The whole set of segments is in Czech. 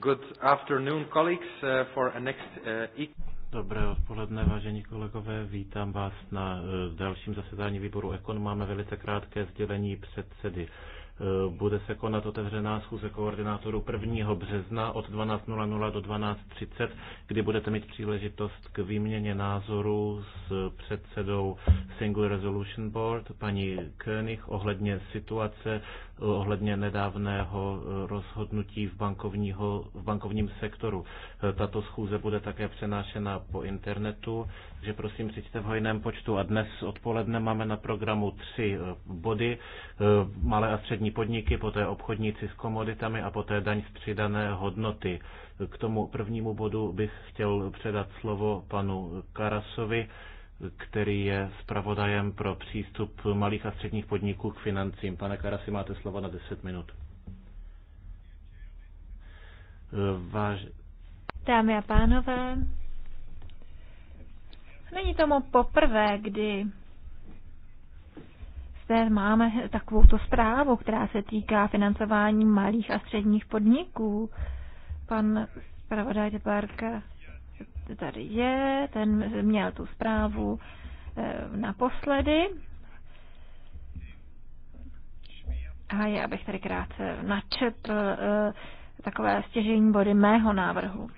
Good afternoon, colleagues, uh, for a next... Uh, e- Dobré odpoledne, vážení kolegové, vítám vás na eh, dalším zasedání výboru Ekon. Máme velice krátké sdělení předsedy. Eh, bude se konat otevřená schůze koordinátorů 1. března od 12.00 do 12.30, kdy budete mít příležitost k výměně názorů s předsedou Single Resolution Board, paní König, ohledně situace ohledně nedávného eh, rozhodnutí v, bankovního, v bankovním sektoru. Eh, tato schůze bude také přenášena po internetu, takže prosím přijďte v hojném počtu. A dnes odpoledne máme na programu tři eh, body. Malé a střední podniky, poté obchodníci s komoditami a poté daň z přidané hodnoty. K tomu prvnímu bodu bych chtěl předat slovo panu Karasovi který je zpravodajem pro přístup malých a středních podniků k financím. Pane Karasi, máte slovo na 10 minut. Váž... Dámy a pánové, není tomu poprvé, kdy zde máme tu zprávu, která se týká financování malých a středních podniků. Pan zpravodaj Barka tady je, ten měl tu zprávu eh, naposledy. A já bych tady krátce načetl eh, takové stěžení body mého návrhu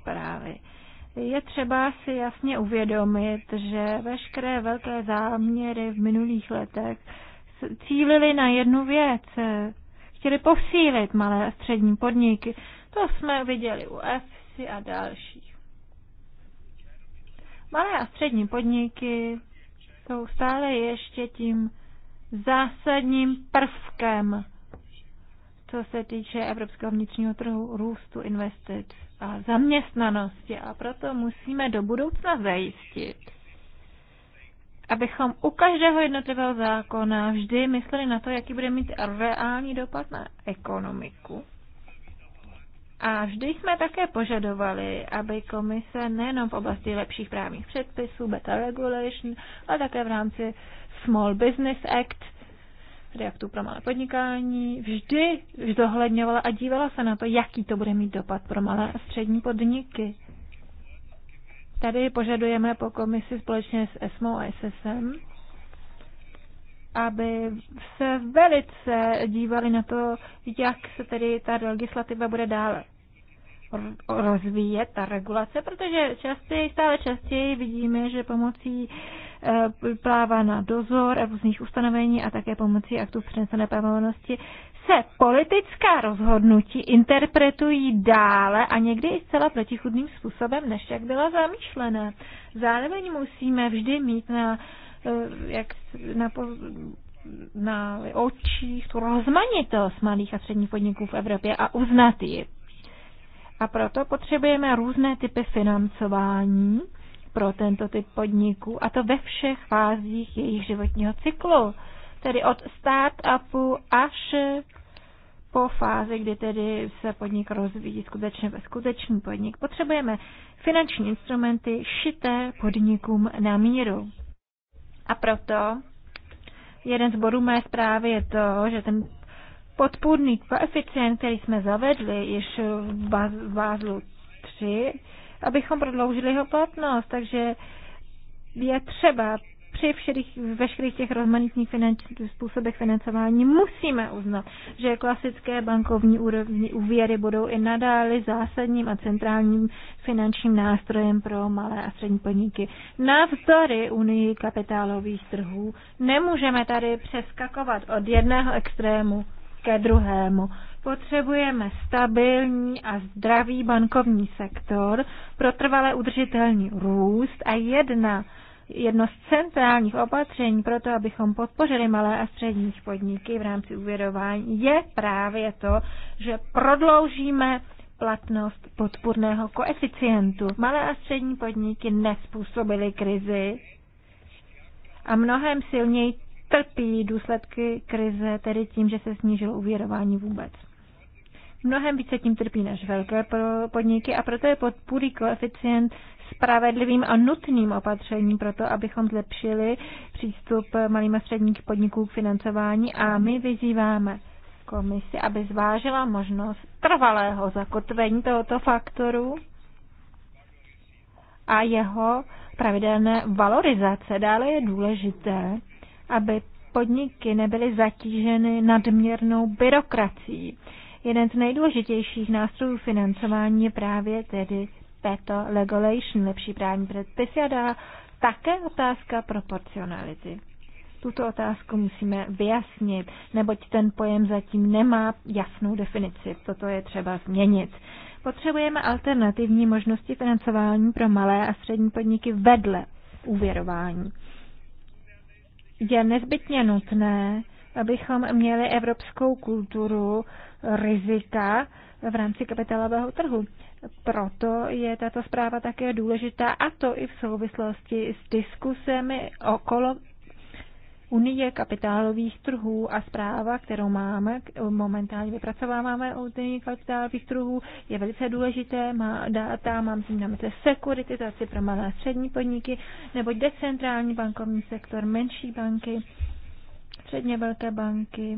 zprávy. Je třeba si jasně uvědomit, že veškeré velké záměry v minulých letech cílili na jednu věc. Eh, chtěli posílit malé a střední podniky. To jsme viděli u EFSI a dalších. Malé a střední podniky jsou stále ještě tím zásadním prvkem, co se týče evropského vnitřního trhu, růstu investic a zaměstnanosti. A proto musíme do budoucna zajistit, abychom u každého jednotlivého zákona vždy mysleli na to, jaký bude mít reální dopad na ekonomiku. A vždy jsme také požadovali, aby komise nejenom v oblasti lepších právních předpisů, better regulation, ale také v rámci Small Business Act, tedy pro malé podnikání, vždy zohledňovala a dívala se na to, jaký to bude mít dopad pro malé a střední podniky. Tady požadujeme po komisi společně s ESMO a SSM, aby se velice dívali na to, jak se tedy ta legislativa bude dále rozvíjet, ta regulace, protože častěji, stále častěji vidíme, že pomocí eh, plává na dozor a různých ustanovení a také pomocí aktů přenesené pravomoci se politická rozhodnutí interpretují dále a někdy i zcela protichudným způsobem, než jak byla zamýšlené. Zároveň musíme vždy mít na uh, Eh, jak na, na očích tu rozmanitost malých a středních podniků v Evropě a uznat ji. A proto potřebujeme různé typy financování pro tento typ podniků, a to ve všech fázích jejich životního cyklu, tedy od start-upu až po fázi, kdy tedy se podnik rozvíjí skutečně ve skutečný podnik. Potřebujeme finanční instrumenty šité podnikům na míru. A proto jeden z bodů mé zprávy je to, že ten podpůrný koeficient, který jsme zavedli již v Bázlu 3, abychom prodloužili jeho platnost. Takže je třeba při všech, veškerých těch rozmanitných finančních způsobech financování musíme uznat, že klasické bankovní úrovni úvěry budou i nadále zásadním a centrálním finančním nástrojem pro malé a střední podniky. Navzdory unii kapitálových trhů nemůžeme tady přeskakovat od jedného extrému ke druhému. Potřebujeme stabilní a zdravý bankovní sektor pro trvale udržitelný růst a jedna jedno z centrálních opatření pro to, abychom podpořili malé a střední podniky v rámci uvěrování, je právě to, že prodloužíme platnost podpůrného koeficientu. Malé a střední podniky nespůsobily krizi a mnohem silněji trpí důsledky krize, tedy tím, že se snížilo uvěrování vůbec. Mnohem více tím trpí než velké podniky a proto je podpůrný koeficient spravedlivým a nutným opatřením pro to, abychom zlepšili přístup malým a středních podniků k financování a my vyzýváme komisi, aby zvážila možnost trvalého zakotvení tohoto faktoru a jeho pravidelné valorizace. Dále je důležité, aby podniky nebyly zatíženy nadměrnou byrokracií. Jeden z nejdůležitějších nástrojů financování je právě tedy better regulation, lepší právní předpisy a dále, také otázka proporcionality. Tuto otázku musíme vyjasnit, neboť ten pojem zatím nemá jasnou definici. Toto je třeba změnit. Potřebujeme alternativní možnosti financování pro malé a střední podniky vedle úvěrování. Je nezbytně nutné, abychom měli evropskou kulturu rizika v rámci kapitálového trhu. Proto je tato zpráva také důležitá, a to i v souvislosti s diskusemi okolo Unie kapitálových trhů a zpráva, kterou máme, momentálně vypracováváme o Unii kapitálových trhů, je velice důležité, má data, mám tím na mysli sekuritizaci pro malé a střední podniky, nebo decentrální bankovní sektor, menší banky, středně velké banky,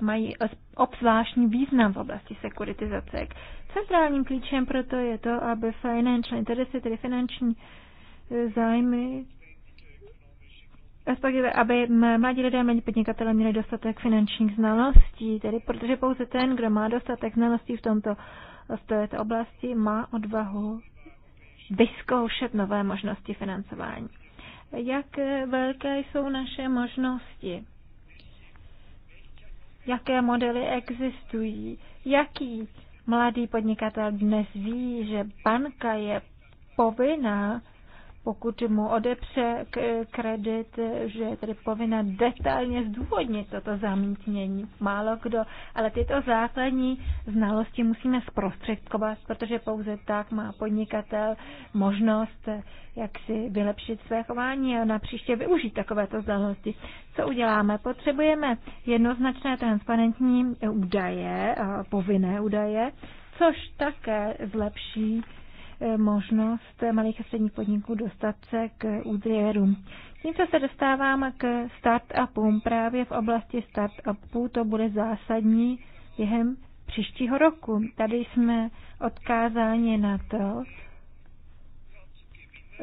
mají obzvláštní význam v oblasti sekuritizace. Centrálním klíčem proto je to, aby financial interesy, tedy finanční e, zájmy, respektive aby mladí lidé a mladí podnikatele měli dostatek finančních znalostí, tedy protože pouze ten, kdo má dostatek znalostí v tomto v této oblasti, má odvahu vyzkoušet nové možnosti financování. Jak velké jsou naše možnosti? Jaké modely existují? Jaký Mladý podnikatel dnes ví, že banka je povinná pokud mu odepře kredit, že je tedy povinna detailně zdůvodnit toto zamítnění. Málo kdo, ale tyto základní znalosti musíme zprostředkovat, protože pouze tak má podnikatel možnost jak si vylepšit své chování a napříště využít takovéto znalosti. Co uděláme? Potřebujeme jednoznačné transparentní údaje, povinné údaje, což také zlepší E, možnost malých a středních podniků dostat se k úvěrům. Tím, co se dostáváme k start-upům, právě v oblasti start-upů, to bude zásadní během příštího roku. Tady jsme odkázáni na to,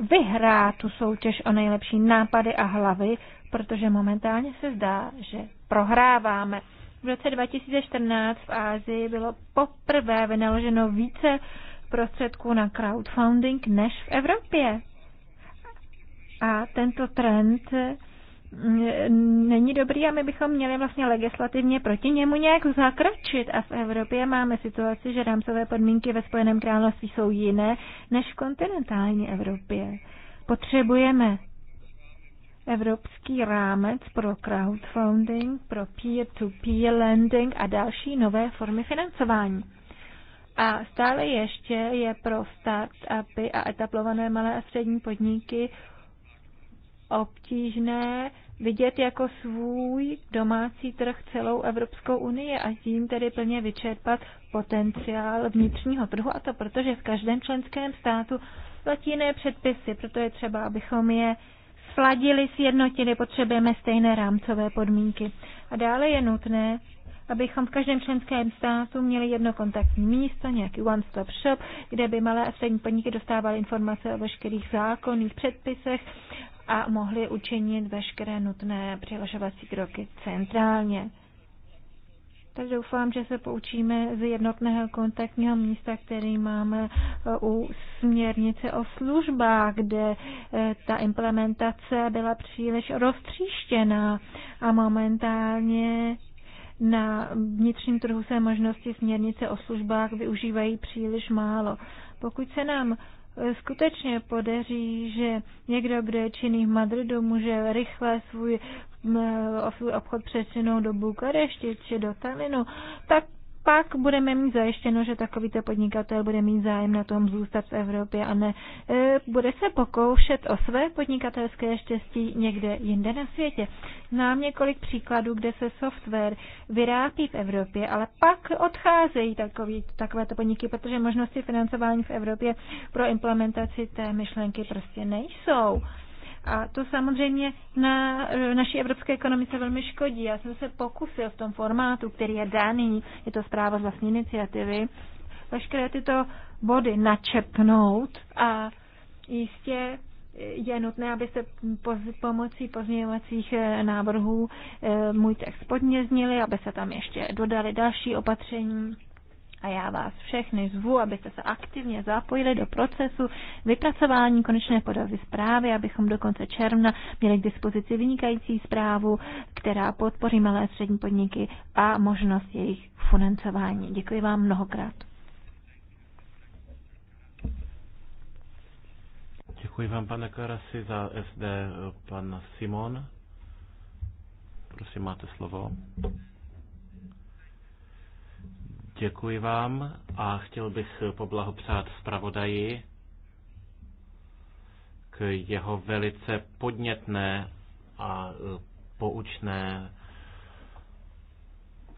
vyhrá tu soutěž o nejlepší nápady a hlavy, protože momentálně se zdá, že prohráváme. V roce 2014 v Ázii bylo poprvé vynaloženo více prostředků na crowdfunding než v Evropě. A tento trend mm, není dobrý a my bychom měli vlastně legislativně proti němu nějak zakročit. A v Evropě máme situaci, že rámcové podmínky ve Spojeném království jsou jiné než v kontinentální Evropě. Potřebujeme evropský rámec pro crowdfunding, pro peer-to-peer -peer lending a další nové formy financování. A stále ještě je pro start-upy a etablované malé a střední podniky obtížné vidět jako svůj domácí trh celou Evropskou unii a tím tedy plně vyčerpat potenciál vnitřního trhu a to protože v každém členském státu platí jiné předpisy, proto je třeba, abychom je sladili, sjednotili, potřebujeme stejné rámcové podmínky. A dále je nutné abychom v každém členském státu měli jedno kontaktní místo, nějaký one-stop shop, kde by malé a střední podniky dostávaly informace o veškerých zákonných předpisech a mohli učinit veškeré nutné přihlašovací kroky centrálně. Tak doufám, že se poučíme z jednotného kontaktního místa, který máme eh, u směrnice o službách, kde eh, ta implementace byla příliš roztříštěná a momentálně na vnitřním trhu se možnosti směrnice o službách využívají příliš málo. Pokud se nám e, skutečně podaří, že někdo, kdo je činný v Madridu, může rychle svůj e, obchod přesunout do Bukarešti či do Talinu, tak pak budeme mít zajištěno, že takovýto podnikatel bude mít zájem na tom zůstat v Evropě a ne e, bude se pokoušet o své podnikatelské štěstí někde jinde na světě. Znám několik příkladů, kde se software vyrábí v Evropě, ale pak odcházejí takový, takovéto podniky, protože možnosti financování v Evropě pro implementaci té myšlenky prostě nejsou. A to samozřejmě na eh, naší evropské ekonomice velmi škodí. Já jsem se pokusil v tom formátu, který je daný, je to zpráva z vlastní iniciativy, veškeré tyto body načepnout a jistě je nutné, abyste poz, pomocí pozměňovacích eh, návrhů eh, můj text podněznili, aby se tam ještě dodali další opatření. A já vás všechny zvu, abyste se aktivně zapojili do procesu vypracování konečné podoby zprávy, abychom do konce června měli k dispozici vynikající zprávu, která podpoří malé střední podniky a možnost jejich financování. Děkuji vám mnohokrát. Děkuji vám, pane Karasi, za SD pan Simon. Prosím, máte slovo. Děkuji vám a chtěl bych poblahopřát zpravodaji k jeho velice podnětné a e, poučné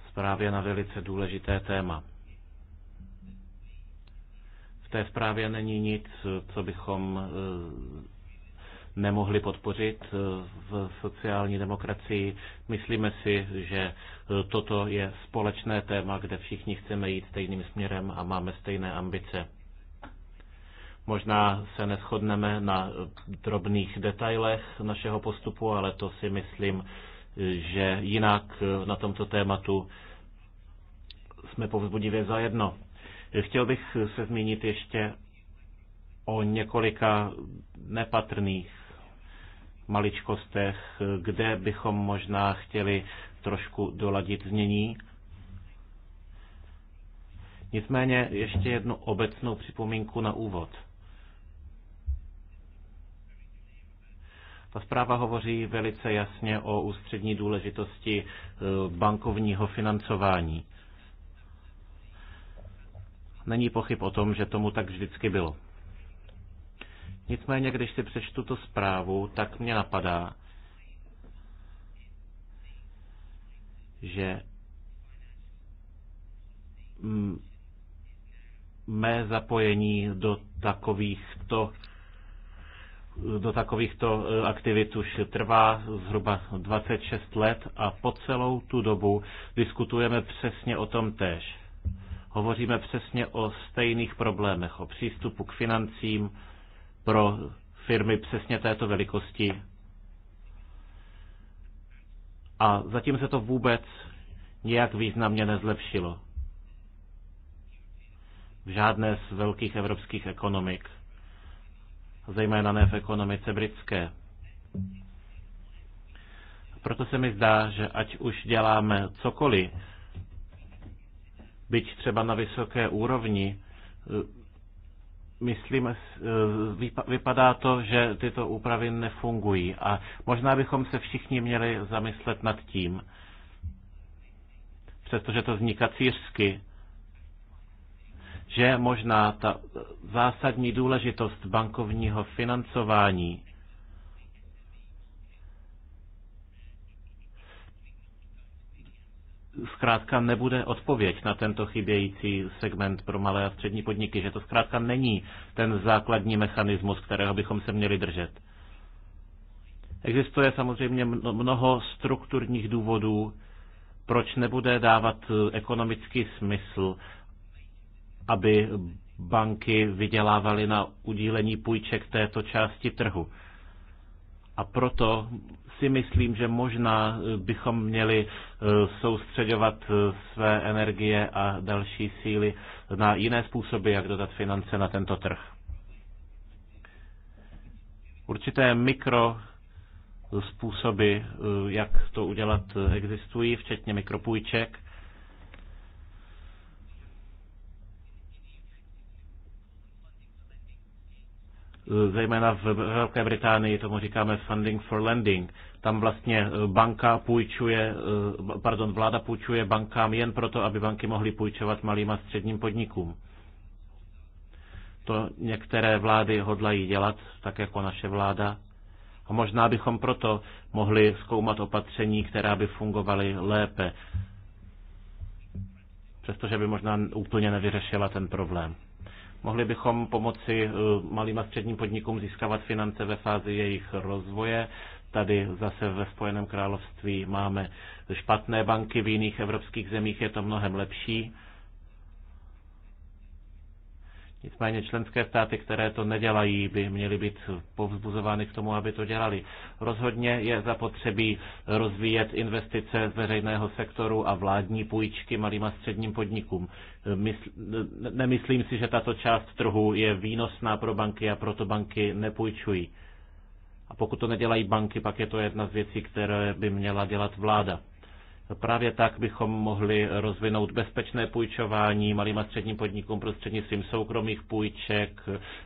zprávě na velice důležité téma. V té zprávě není nic, co bychom e, nemohli podpořit eh, v sociální demokracii. Myslíme si, že eh, toto je společné téma, kde všichni chceme jít stejným směrem a máme stejné ambice. Možná se neschodneme na eh, drobných detailech našeho postupu, ale to si myslím, že jinak na tomto tématu jsme povzbudivě zajedno. Chtěl bych se zmínit ještě o několika nepatrných maličkostech, kde bychom možná chtěli trošku doladit znění. Nicméně ještě jednu obecnou připomínku na úvod. Ta zpráva hovoří velice jasně o ústřední důležitosti eh, bankovního financování. Není pochyb o tom, že tomu tak vždycky bylo. Nicméně, když si přečtu tu zprávu, tak mě napadá, že mé zapojení do takovýchto do takovýchto eh, aktivit už trvá zhruba 26 let a po celou tu dobu diskutujeme přesně o tom též. Hovoříme přesně o stejných problémech, o přístupu k financím, pro firmy přesně této velikosti. A zatím se to vůbec nějak významně nezlepšilo. V žádné z velkých evropských ekonomik, zejména ne v ekonomice britské. Proto se mi zdá, že ať už děláme cokoliv, byť třeba na vysoké úrovni, myslím, e, vypadá to, že tyto úpravy nefungují. A možná bychom se všichni měli zamyslet nad tím, přestože to vzniká círsky, že možná ta zásadní důležitost bankovního financování zkrátka nebude odpověď na tento chybějící segment pro malé a střední podniky, že to zkrátka není ten základní mechanismus, kterého bychom se měli držet. Existuje samozřejmě mnoho strukturních důvodů, proč nebude dávat ekonomický smysl, aby banky vydělávaly na udílení půjček této části trhu. A proto si myslím, že možná eh, bychom měli eh, soustředovat eh, své energie a další síly na jiné způsoby, jak dodat finance na tento trh. Určité mikro způsoby, jak to udělat, existují, včetně mikropůjček. zejména v Velké Británii tomu říkáme funding for lending. Tam vlastně eh, banka půjčuje, eh, pardon, vláda půjčuje bankám jen proto, aby banky mohly půjčovat malým a středním podnikům. To některé vlády hodlají dělat, tak jako naše vláda. A možná bychom proto mohli zkoumat opatření, která by fungovaly lépe. Přestože by možná úplně nevyřešila ten problém. Mohli bychom pomoci eh, malým a středním podnikům získávat finance ve fázi jejich rozvoje. Tady zase ve Spojeném království máme špatné banky, v jiných evropských zemích je to mnohem lepší. Nicméně členské státy, které to nedělají, by měly být povzbuzovány k tomu, aby to dělali. Rozhodně je zapotřebí rozvíjet investice z veřejného sektoru a vládní půjčky malým a středním podnikům. Mysl, nemyslím si, že tato část trhu je výnosná pro banky a proto banky nepůjčují. A pokud to nedělají banky, pak je to jedna z věcí, které by měla dělat vláda. Právě tak bychom mohli rozvinout bezpečné půjčování malým a středním podnikům prostřednictvím soukromých půjček,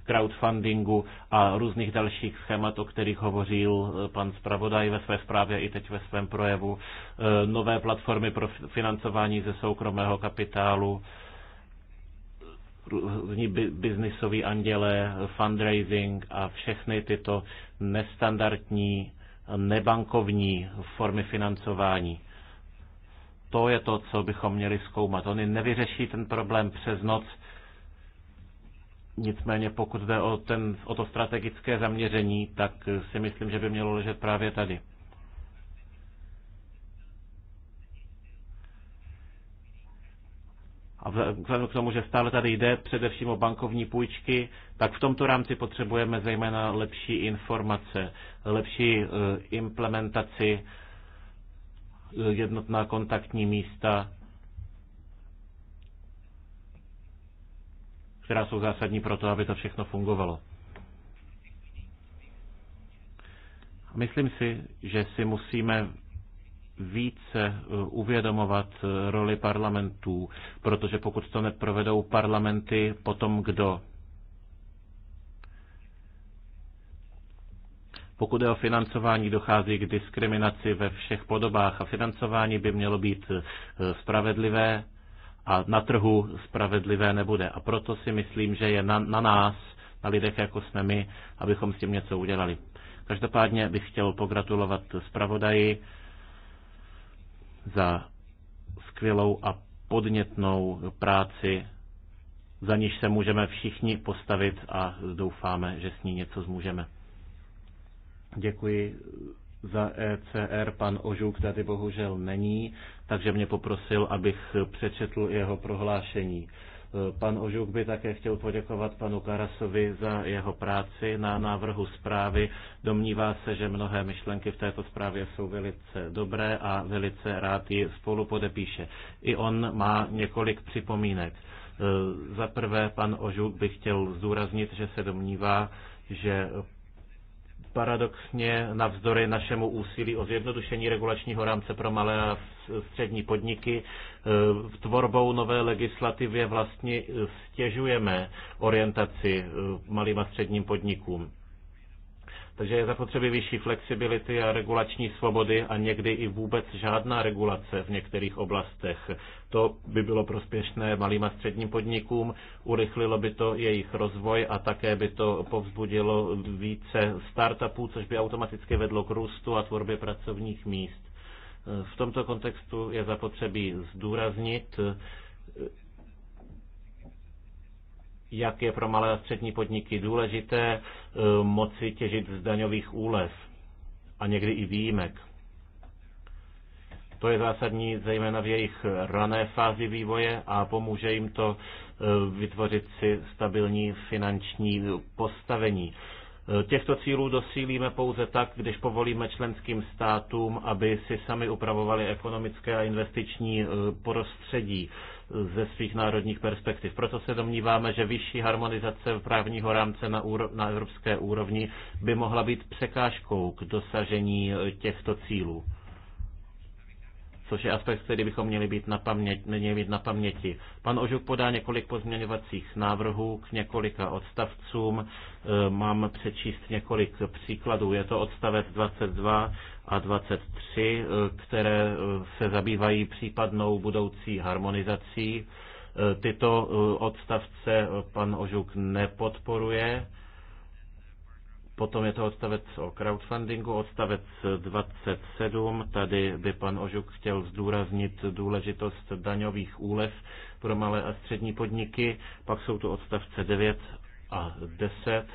crowdfundingu a různých dalších schémat, o kterých hovořil eh, pan zpravodaj ve své zprávě i teď ve svém projevu. Eh, nové platformy pro financování ze soukromého kapitálu, různí biznisoví anděle, fundraising a všechny tyto nestandardní nebankovní formy financování to je to, co bychom měli zkoumat. Oni nevyřeší ten problém přes noc, nicméně pokud jde o, ten, o to strategické zaměření, tak si myslím, že by mělo ležet právě tady. a vzhledem k tomu, že stále tady jde především o bankovní půjčky, tak v tomto rámci potřebujeme zejména lepší informace, lepší eh, implementaci jednotná kontaktní místa, která jsou zásadní pro to, aby to všechno fungovalo. Myslím si, že si musíme více eh, uvědomovat eh, roli parlamentů, protože pokud to neprovedou parlamenty, potom kdo? Pokud je o financování, dochází k diskriminaci ve všech podobách a financování by mělo být e, spravedlivé a na trhu spravedlivé nebude. A proto si myslím, že je na, na nás, na lidech jako jsme my, abychom s tím něco udělali. Každopádně bych chtěl pogratulovat zpravodaji za skvělou a podnětnou práci, za níž se můžeme všichni postavit a doufáme, že s ní něco zmůžeme. Děkuji za ECR. Pan Ožuk tady bohužel není, takže mě poprosil, abych přečetl jeho prohlášení. Pan Ožuk by také chtěl poděkovat panu Karasovi za jeho práci na návrhu zprávy. Domnívá se, že mnohé myšlenky v této zprávě jsou velice dobré a velice rád ji spolu podepíše. I on má několik připomínek. Za prvé, pan Ožuk by chtěl zdůraznit, že se domnívá, že paradoxně navzdory našemu úsilí o zjednodušení regulačního rámce pro malé a střední podniky e, v tvorbou nové legislativy vlastně e, stěžujeme orientaci e, malým a středním podnikům. Takže je zapotřebí vyšší flexibility a regulační svobody a někdy i vůbec žádná regulace v některých oblastech. To by bylo prospěšné malým a středním podnikům, urychlilo by to jejich rozvoj a také by to povzbudilo více startupů, což by automaticky vedlo k růstu a tvorbě pracovních míst. V tomto kontextu je zapotřebí zdůraznit, jak je pro malé a střední podniky důležité eh, moci těžit z daňových úlev a někdy i výjimek. To je zásadní zejména v jejich rané fázi vývoje a pomůže jim to eh, vytvořit si stabilní finanční postavení. Eh, těchto cílů dosílíme pouze tak, když povolíme členským státům, aby si sami upravovali ekonomické a investiční prostředí ze svých národních perspektiv. Proto se domníváme, že vyšší harmonizace právního rámce na, úro, na evropské úrovni by mohla být překážkou k dosažení těchto cílů. Což je aspekt, který bychom měli, být na paměti, měli být na paměti. Pan Ožuk podá několik pozměňovacích návrhů k několika odstavcům. E, mám přečíst několik příkladů. Je to odstavec 22 a 23, eh, které eh, se zabývají případnou budoucí harmonizací. Eh, tyto odstavce pan Ožuk nepodporuje. Potom je to odstavec o crowdfundingu, odstavec 27. Tady by pan Ožuk chtěl zdůraznit důležitost daňových úlev pro malé a střední podniky. Pak jsou tu odstavce 9 a 10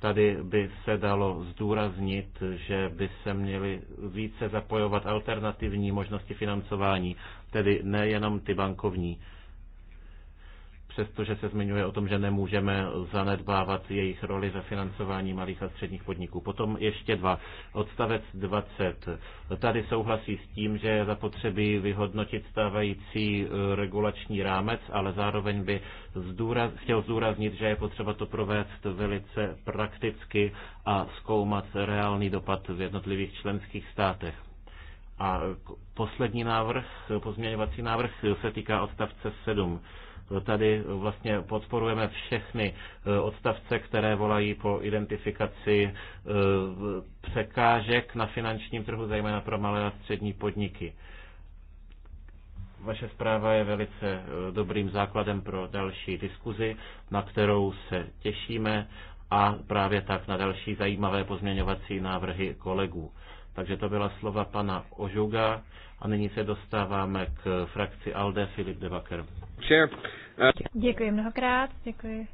Tady by se dalo zdůraznit, že by se měly více zapojovat alternativní možnosti financování, tedy nejenom ty bankovní přestože se zmiňuje o tom, že nemůžeme zanedbávat jejich roli ve financování malých a středních podniků. Potom ještě dva. Odstavec 20. Tady souhlasí s tím, že je zapotřebí vyhodnotit stávající eh, regulační rámec, ale zároveň by zdůraz, chtěl zdůraznit, že je potřeba to provést velice prakticky a zkoumat reálný dopad v jednotlivých členských státech. A poslední návrh, pozměňovací návrh se týká odstavce 7 Tady vlastně podporujeme všechny e, odstavce, které volají po identifikaci e, překážek na finančním trhu, zejména pro malé a střední podniky. Vaše zpráva je velice e, dobrým základem pro další diskuzi, na kterou se těšíme a právě tak na další zajímavé pozměňovací návrhy kolegů. Takže to byla slova pana Ožuga a nyní se dostáváme k frakci ALDE Filip De Vaker. Eh, děkuji mnohokrát, děkuji.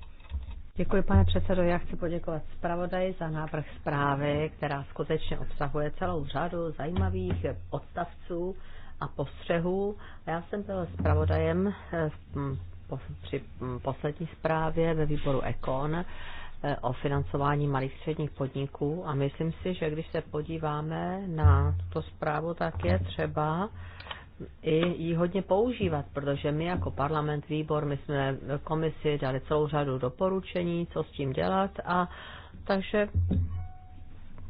Děkuji, pane předsedo. Já chci poděkovat zpravodaji za návrh zprávy, která skutečně obsahuje celou řadu zajímavých odstavců a postřehů. Já jsem byl zpravodajem eh, při poslední zprávě ve výboru Ekon Eh, o financování malých středních podniků a myslím si, že když se podíváme na tuto zprávu, tak je třeba i ji hodně používat, protože my jako parlament, výbor, my jsme komisi dali celou řadu doporučení, co s tím dělat a takže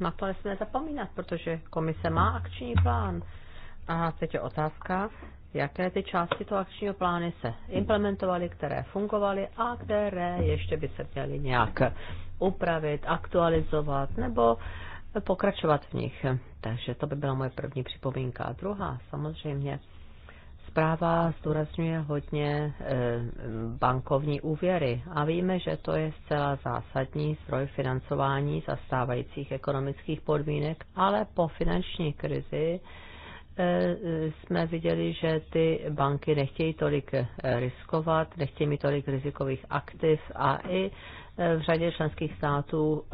na to nesmíme zapomínat, protože komise má akční plán. A teď je otázka, jaké ty části toho akčního plány se implementovaly, které fungovaly a které ještě by se měly nějak upravit, aktualizovat nebo pokračovat v nich. Takže to by byla moje první připomínka. A druhá, samozřejmě, zpráva zdůrazňuje hodně e, bankovní úvěry a víme, že to je zcela zásadní zdroj financování zastávajících ekonomických podmínek, ale po finanční krizi Eh, jsme viděli, že ty banky nechtějí tolik eh, riskovat, nechtějí mít tolik rizikových aktiv a i eh, v řadě členských států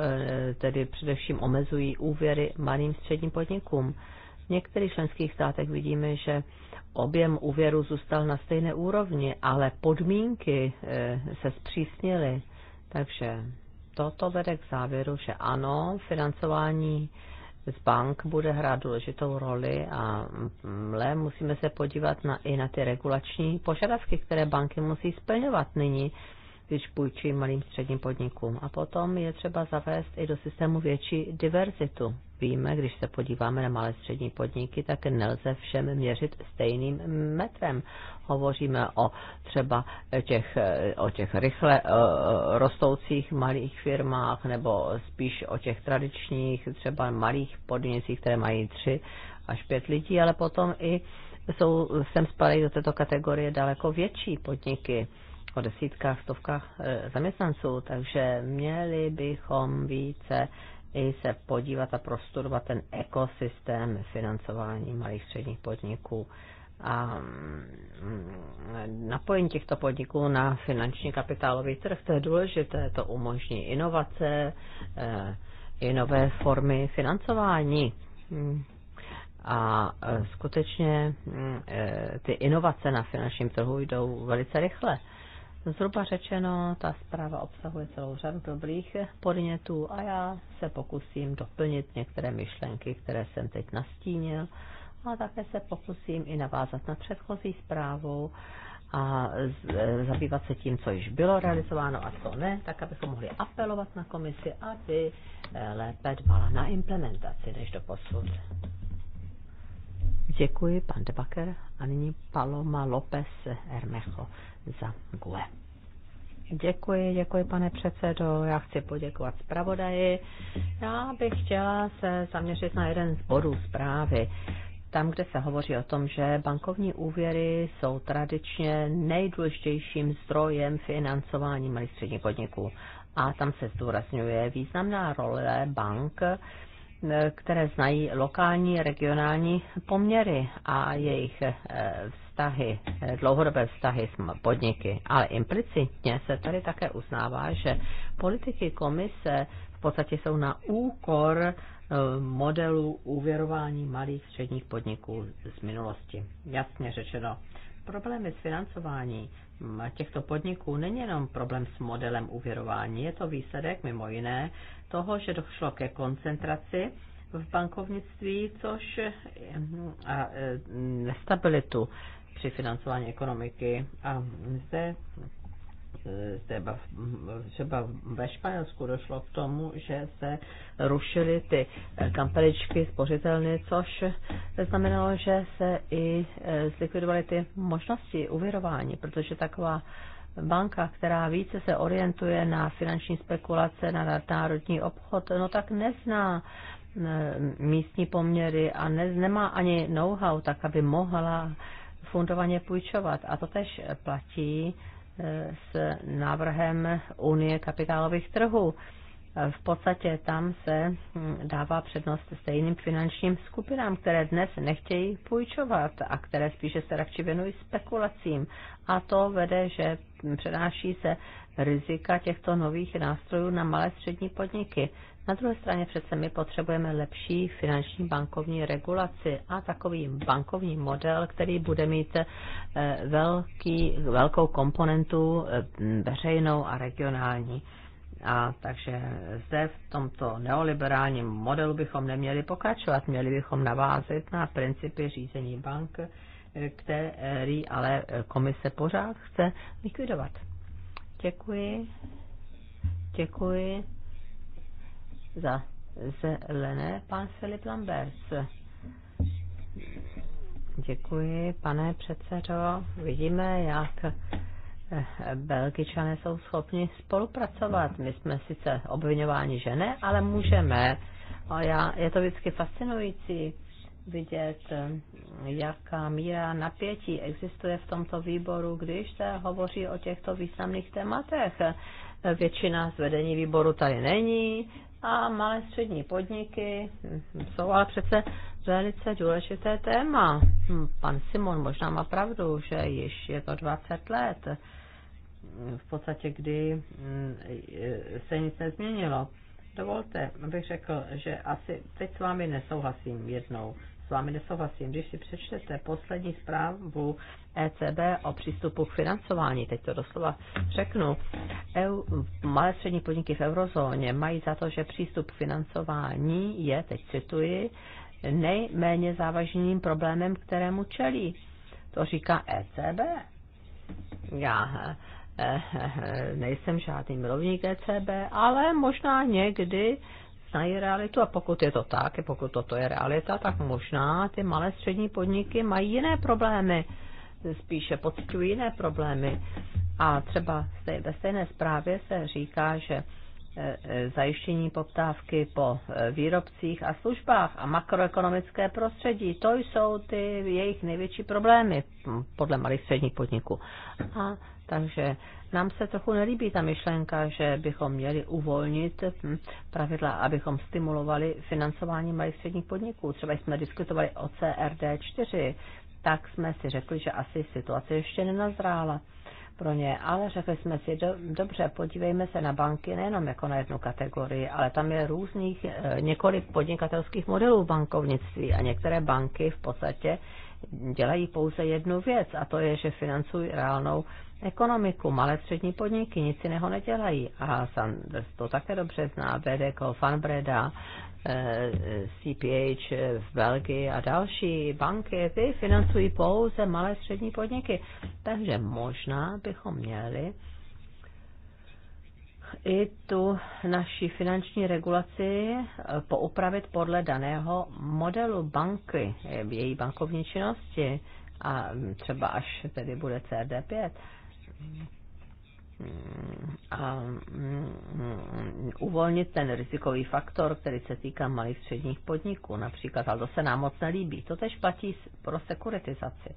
tedy především omezují úvěry malým středním podnikům. V některých členských státech vidíme, že objem úvěru zůstal na stejné úrovni, ale podmínky se zpřísnily. Takže toto vede k závěru, že ano, financování z bank bude hrát důležitou roli, a ale musíme se podívat na, i na ty regulační požadavky, které banky musí splňovat nyní když půjčí malým středním podnikům. A potom je třeba zavést i do systému větší diverzitu. Víme, když se podíváme na malé střední podniky, tak nelze všem měřit stejným metrem. Hovoříme o třeba těch, o těch rychle eh, rostoucích malých firmách nebo spíš o těch tradičních třeba malých podnicích, které mají tři až pět lidí, ale potom i jsou, sem spadají do této kategorie daleko větší podniky o desítkách, stovkách e, zaměstnanců, takže měli bychom více i se podívat a prostudovat ten ekosystém financování malých středních podniků a mm, napojení těchto podniků na finanční kapitálový trh, to je důležité, to umožní inovace e, i nové formy financování. Hmm. A e, skutečně mm, ty inovace na finančním trhu jdou velice rychle. Zhruba řečeno, ta zpráva obsahuje celou řadu dobrých podnětů a já se pokusím doplnit některé myšlenky, které jsem teď nastínil a také se pokusím i navázat na předchozí zprávu a e, zabývat se tím, co již bylo realizováno a co ne, tak abychom mohli apelovat na komisi, aby e, lépe dbala na implementaci než do posud. Děkuji, pan Debaker. A nyní Paloma López Hermecho za GUE. Děkuji, děkuji pane předsedo. Já chci poděkovat zpravodaji. Já bych chtěla se zaměřit na jeden z bodů zprávy. Tam, kde se hovoří o tom, že bankovní úvěry jsou tradičně nejdůležitějším zdrojem financování malých středních podniků. A tam se zdůrazňuje významná role bank které znají lokální, regionální poměry a jejich eh, vztahy, eh, dlouhodobé vztahy s podniky. Ale implicitně se tady také uznává, že politiky komise v podstatě jsou na úkor eh, modelu úvěrování malých středních podniků z minulosti. Jasně řečeno, problémy s financováním těchto podniků není jenom problém s modelem úvěrování, je to výsledek mimo jiné toho, že došlo ke koncentraci v bankovnictví, což eh, a eh, nestabilitu při financování ekonomiky. A zde, eh, zde třeba ve Španělsku došlo k tomu, že se rušily ty kampeličky spořitelné, což znamenalo, že se i zlikvidovaly ty možnosti uvěrování, protože taková banka, která více se orientuje na finanční spekulace, na národní obchod, no tak nezná eh, místní poměry a ne, nemá ani know-how, tak aby mohla fundovaně půjčovat. A to tež platí eh, s návrhem Unie kapitálových trhů v podstatě tam se hm, dává přednost stejným finančním skupinám, které dnes nechtějí půjčovat a které spíše se radši věnují spekulacím. A to vede, že přenáší se rizika těchto nových nástrojů na malé střední podniky. Na druhé straně přece my potřebujeme lepší finanční bankovní regulaci a takový bankovní model, který bude mít eh, velký, velkou komponentu eh, veřejnou a regionální. A takže zde v tomto neoliberálním modelu bychom neměli pokračovat, měli bychom navázet na principy řízení bank, který ale komise pořád chce likvidovat. Děkuji. Děkuji za zelené pan Filip Lambert. Děkuji, pane předsedo. Vidíme, jak Belgičané jsou schopni spolupracovat. My jsme sice obvinováni, že ne, ale můžeme. A já, je to vždycky fascinující vidět, jaká míra napětí existuje v tomto výboru, když se hovoří o těchto významných tématech. Většina z vedení výboru tady není a malé střední podniky jsou ale přece velice důležité téma. Pan Simon možná má pravdu, že již je to 20 let v podstatě kdy mm, se nic nezměnilo. Dovolte, abych řekl, že asi teď s vámi nesouhlasím jednou. S vámi nesouhlasím, když si přečtete poslední zprávu ECB o přístupu k financování, teď to doslova řeknu, EU, malé střední podniky v eurozóně mají za to, že přístup k financování je, teď cituji, nejméně závažným problémem, kterému čelí. To říká ECB. Já nejsem žádný milovník ECB, ale možná někdy znají realitu a pokud je to tak, pokud toto je realita, tak možná ty malé střední podniky mají jiné problémy, spíše pocitují jiné problémy. A třeba ve stejné zprávě se říká, že E, e, zajištění poptávky po e, výrobcích a službách a makroekonomické prostředí. To jsou ty jejich největší problémy podle malých středních podniků. A takže nám se trochu nelíbí ta myšlenka, že bychom měli uvolnit pravidla, abychom stimulovali financování malých středních podniků. Třeba jsme diskutovali o CRD 4, tak jsme si řekli, že asi situace ještě nenazrála pro ně, ale řekli jsme si, do, dobře, podívejme se na banky nejenom jako na jednu kategorii, ale tam je různých e, několik podnikatelských modelů bankovnictví a některé banky v podstatě dělají pouze jednu věc a to je, že financují reálnou ekonomiku. Malé střední podniky nic jiného nedělají a Sanders to také dobře zná, BDK, Fanbreda, CPH eh, eh, v Belgii a další banky, ty financují pouze malé střední podniky. Takže možná bychom měli i tu naši finanční regulaci eh, poupravit podle daného modelu banky, její bankovní činnosti a mm, třeba až tedy bude cd 5 a mm, uvolnit ten rizikový faktor, který se týká malých středních podniků například, ale to se nám moc nelíbí. To tež platí pro sekuritizaci.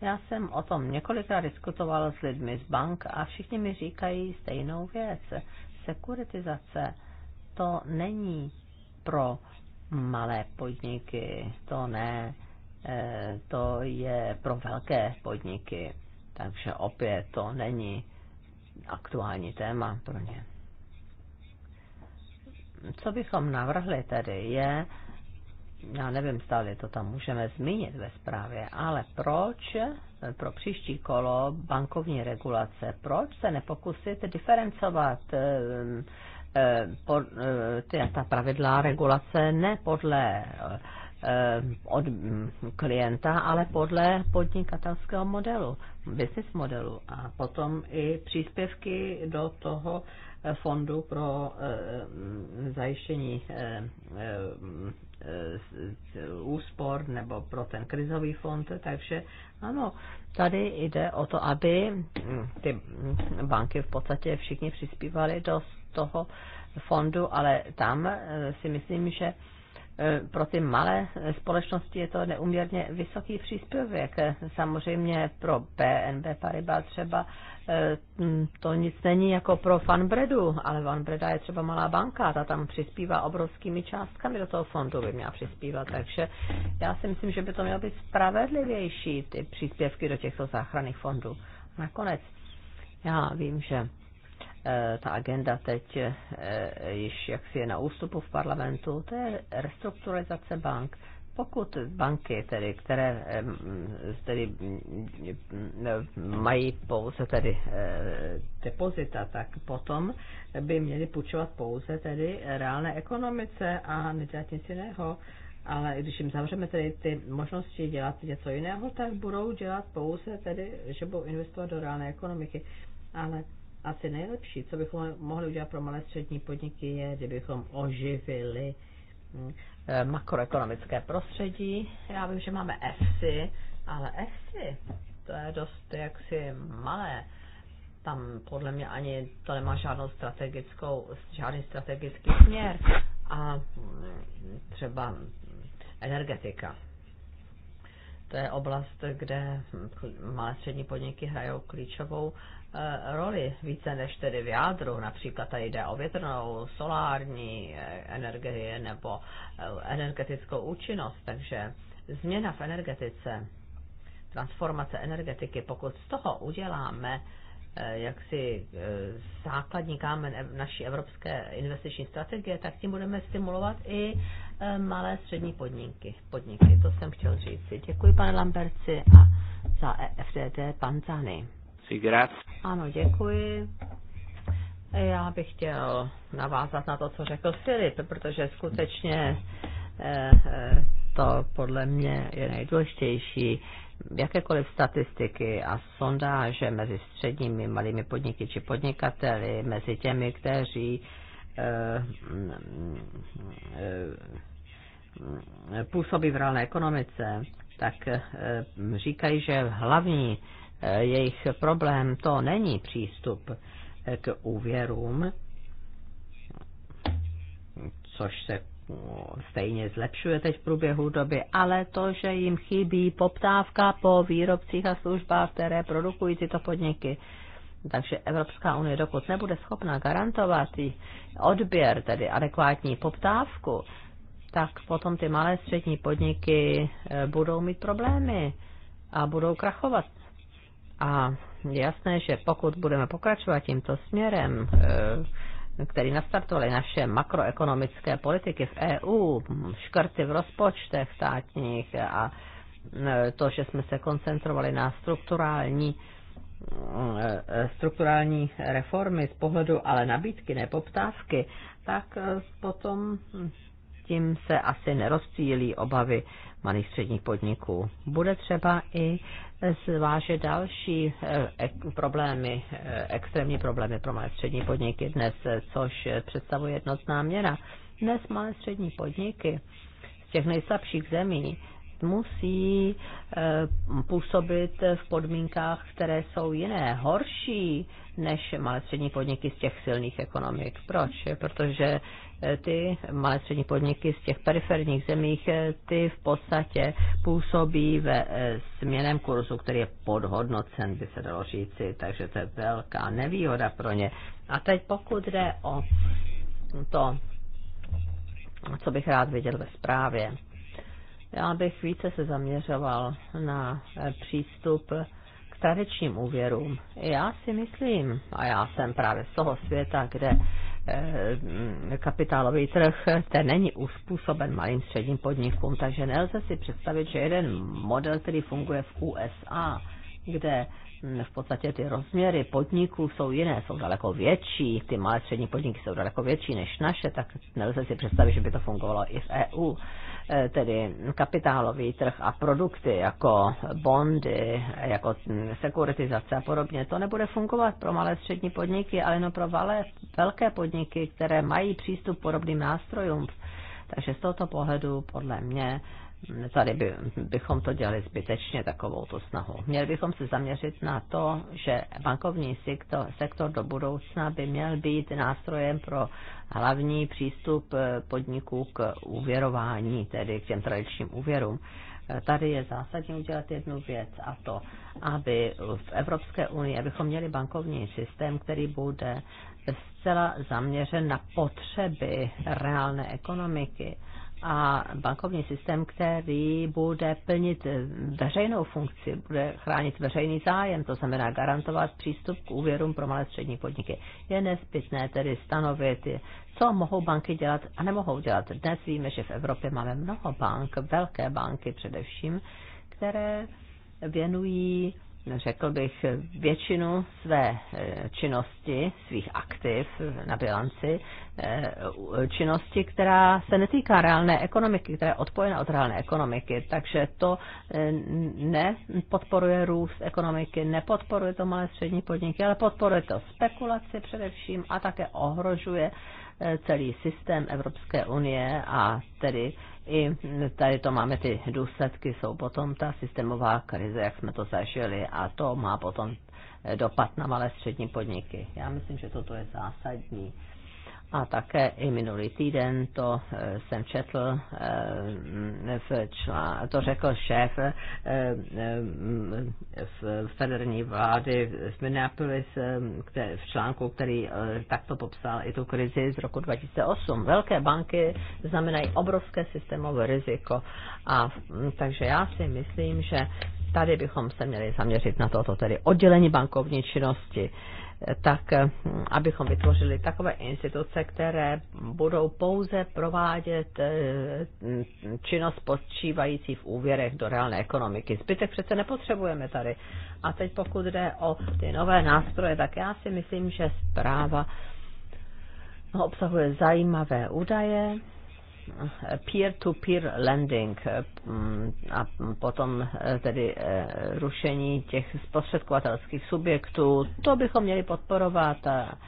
Já jsem o tom několikrát diskutoval s lidmi z bank a všichni mi říkají stejnou věc. Sekuritizace to není pro malé podniky, to ne, e, to je pro velké podniky. Takže opět to není aktuální téma pro ně. Co bychom navrhli tedy je, já nevím, stále to tam můžeme zmínit ve zprávě, ale proč pro příští kolo bankovní regulace, proč se nepokusit diferencovat eh, eh, eh, ta pravidla regulace ne podle Eh, od mm, klienta, ale podle podnikatelského modelu, business modelu. A potom i příspěvky do toho eh, fondu pro eh, zajištění úspor nebo pro ten krizový fond. Takže ano, tady jde o to, aby mm, ty banky v podstatě všichni přispívali do toho fondu, ale tam si myslím, že E, pro ty malé společnosti je to neuměrně vysoký příspěvek. Samozřejmě pro PNB Paribas třeba e, to nic není jako pro Fanbredu, ale Fanbreda je třeba malá banka, ta tam přispívá obrovskými částkami do toho fondu, by měla přispívat, takže já si myslím, že by to mělo být spravedlivější, ty příspěvky do těchto záchranných fondů. Nakonec, já vím, že Eh, ta agenda teď eh, již jaksi je na ústupu v parlamentu, to je restrukturalizace bank. Pokud banky, tedy, které tedy mm, mají pouze tedy eh, depozita, tak potom by měly půjčovat pouze tedy reálné ekonomice a nedělat nic jiného. Ale když jim zavřeme tedy ty možnosti dělat něco jiného, tak budou dělat pouze tedy, že budou investovat do reálné ekonomiky. Ale asi nejlepší, co bychom mohli udělat pro malé střední podniky, je, kdybychom oživili mm, eh, makroekonomické prostředí. Já vím, že máme EFSI, ale EFSI, to je dost jaksi malé. Tam podle mě ani to nemá žádnou strategickou, žádný strategický směr. A mm, třeba energetika. To je oblast, kde hm, malé střední podniky hrajou klíčovou Eh, roli více než tedy v jádru, například tady jde o větrnou, solární eh, energii nebo eh, energetickou účinnost, takže změna v energetice, transformace energetiky, pokud z toho uděláme jaksi základní kámen naší evropské investiční strategie, tak tím budeme stimulovat i malé střední podniky. podniky. To jsem chtěl říct. Děkuji, pane Lamberci, a za EFDD pan Zany. Ano, děkuji. Já bych chtěl navázat na to, co řekl Filip, protože skutečně eh, eh, to podle mě je nejdůležitější. Jakékoliv statistiky a sondáže mezi středními malými podniky či podnikateli, mezi těmi, kteří eh, mm, mm, mm, působí v reálné ekonomice, tak říkají, že hlavní jejich problém to není přístup k úvěrům, což se stejně zlepšuje teď v průběhu doby, ale to, že jim chybí poptávka po výrobcích a službách, které produkují tyto podniky. Takže Evropská unie, dokud nebude schopna garantovat odběr, tedy adekvátní poptávku, tak potom ty malé střední podniky eh, budou mít problémy a budou krachovat a je jasné, že pokud budeme pokračovat tímto směrem, eh, který nastartovaly naše makroekonomické politiky v EU, škrty v rozpočtech státních a eh, to, že jsme se koncentrovali na strukturální eh, strukturální reformy z pohledu ale nabídky, ne poptávky, tak potom hm, tím se asi nerozcílí obavy malých středních podniků. Bude třeba i zvážit další eh, problémy, eh, extrémní problémy pro malé střední podniky dnes, což představuje jednotná měra. Dnes malé střední podniky z těch nejslabších zemí musí eh, působit v podmínkách, které jsou jiné, horší, než malé střední podniky z těch silných ekonomik. Proč? Protože eh, ty malé střední podniky z těch periferních zemích, eh, ty v podstatě působí ve eh, směném kurzu, který je podhodnocen, by se dalo říci, takže to je velká nevýhoda pro ně. A teď pokud jde o to, co bych rád viděl ve zprávě, já bych více se zaměřoval na přístup tradičním úvěrům. Já si myslím, a já jsem právě z toho světa, kde eh, kapitálový trh, ten není uspůsoben malým středním podnikům, takže nelze si představit, že jeden model, který funguje v USA, kde hm, v podstatě ty rozměry podniků jsou jiné, jsou daleko větší, ty malé střední podniky jsou daleko větší než naše, tak nelze si představit, že by to fungovalo i v EU. Eh, tedy kapitálový trh a produkty jako bondy, jako hm, sekuritizace a podobně, to nebude fungovat pro malé střední podniky, ale jenom pro valé, velké podniky, které mají přístup k podobným nástrojům. Takže z tohoto pohledu, podle mě, tady by, bychom to dělali zbytečně takovou tu snahu. Měli bychom se zaměřit na to, že bankovní sektor, sektor do budoucna by měl být nástrojem pro hlavní přístup eh, podniků k uvěrování, tedy k těm tradičním úvěrům. Eh, tady je zásadně udělat jednu věc a to, aby v Evropské unii, abychom měli bankovní systém, který bude zcela zaměřen na potřeby reálné ekonomiky a bankovní systém, který bude plnit veřejnou funkci, bude chránit veřejný zájem, to znamená garantovat přístup k úvěrům pro malé střední podniky. Je nezbytné tedy stanovit, co mohou banky dělat a nemohou dělat. Dnes víme, že v Evropě máme mnoho bank, velké banky především, které věnují řekl bych, většinu své eh, činnosti, svých aktiv na bilanci, eh, činnosti, která se netýká reálné ekonomiky, která je odpojena od reálné ekonomiky, takže to eh, nepodporuje růst ekonomiky, nepodporuje to malé střední podniky, ale podporuje to spekulaci především a také ohrožuje celý systém Evropské unie a tedy i tady to máme ty důsledky, jsou potom ta systémová krize, jak jsme to zažili a to má potom dopad na malé střední podniky. Já myslím, že toto je zásadní a také i minulý týden to eh, jsem četl, eh, v to řekl šéf eh, v federální vlády z Minneapolis v článku, který takto popsal i tu krizi z roku 2008. Velké banky znamenají obrovské systémové riziko. A, mm, takže já si myslím, že tady bychom se měli zaměřit na toto, tedy oddělení bankovní činnosti tak eh, abychom vytvořili takové instituce, které budou pouze provádět eh, činnost postřívající v úvěrech do reálné ekonomiky. Zbytek přece nepotřebujeme tady. A teď pokud jde o ty nové nástroje, tak já si myslím, že zpráva obsahuje zajímavé údaje, peer-to-peer -peer lending eh, a potom eh, tedy eh, rušení těch zprostředkovatelských subjektů. To bychom měli podporovat a,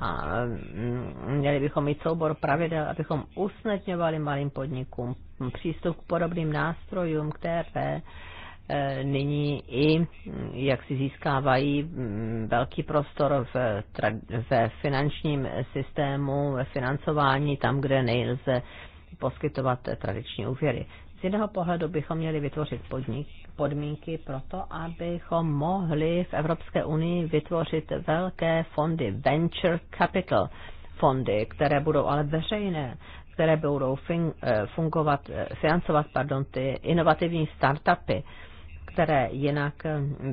a mm, měli bychom mít soubor pravidel, abychom usnadňovali malým podnikům přístup k podobným nástrojům, které nyní i mm, jak si získávají mm, velký prostor v, ve finančním systému, ve financování, tam, kde nejlze poskytovat tradiční úvěry. Z jiného pohledu bychom měli vytvořit podnik, podmínky pro to, abychom mohli v Evropské unii vytvořit velké fondy, venture capital fondy, které budou ale veřejné, které budou eh, fungovat, eh, financovat pardon, ty inovativní startupy které jinak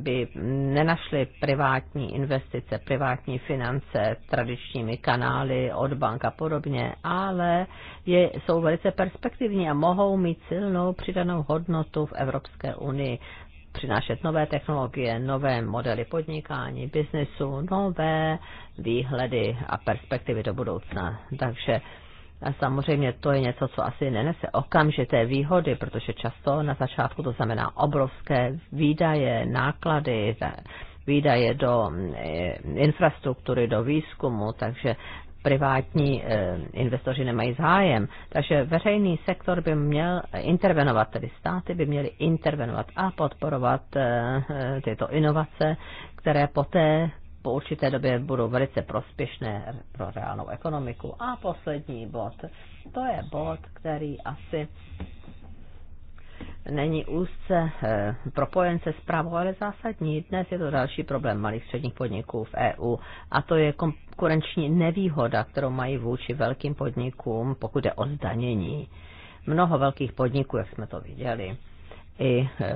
by nenašly privátní investice, privátní finance tradičními kanály od bank a podobně, ale je, jsou velice perspektivní a mohou mít silnou přidanou hodnotu v Evropské unii přinášet nové technologie, nové modely podnikání, biznesu, nové výhledy a perspektivy do budoucna. Takže a samozřejmě to je něco, co asi nenese okamžité výhody, protože často na začátku to znamená obrovské výdaje, náklady, výdaje do eh, infrastruktury, do výzkumu, takže privátní eh, investoři nemají zájem. Takže veřejný sektor by měl intervenovat, tedy státy by měly intervenovat a podporovat eh, tyto inovace, které poté po určité době budou velice prospěšné pro reálnou ekonomiku. A poslední bod, to je bod, který asi není úzce eh, propojen se zprávou, ale zásadní. Dnes je to další problém malých středních podniků v EU a to je konkurenční nevýhoda, kterou mají vůči velkým podnikům, pokud je o zdanění. Mnoho velkých podniků, jak jsme to viděli, i e,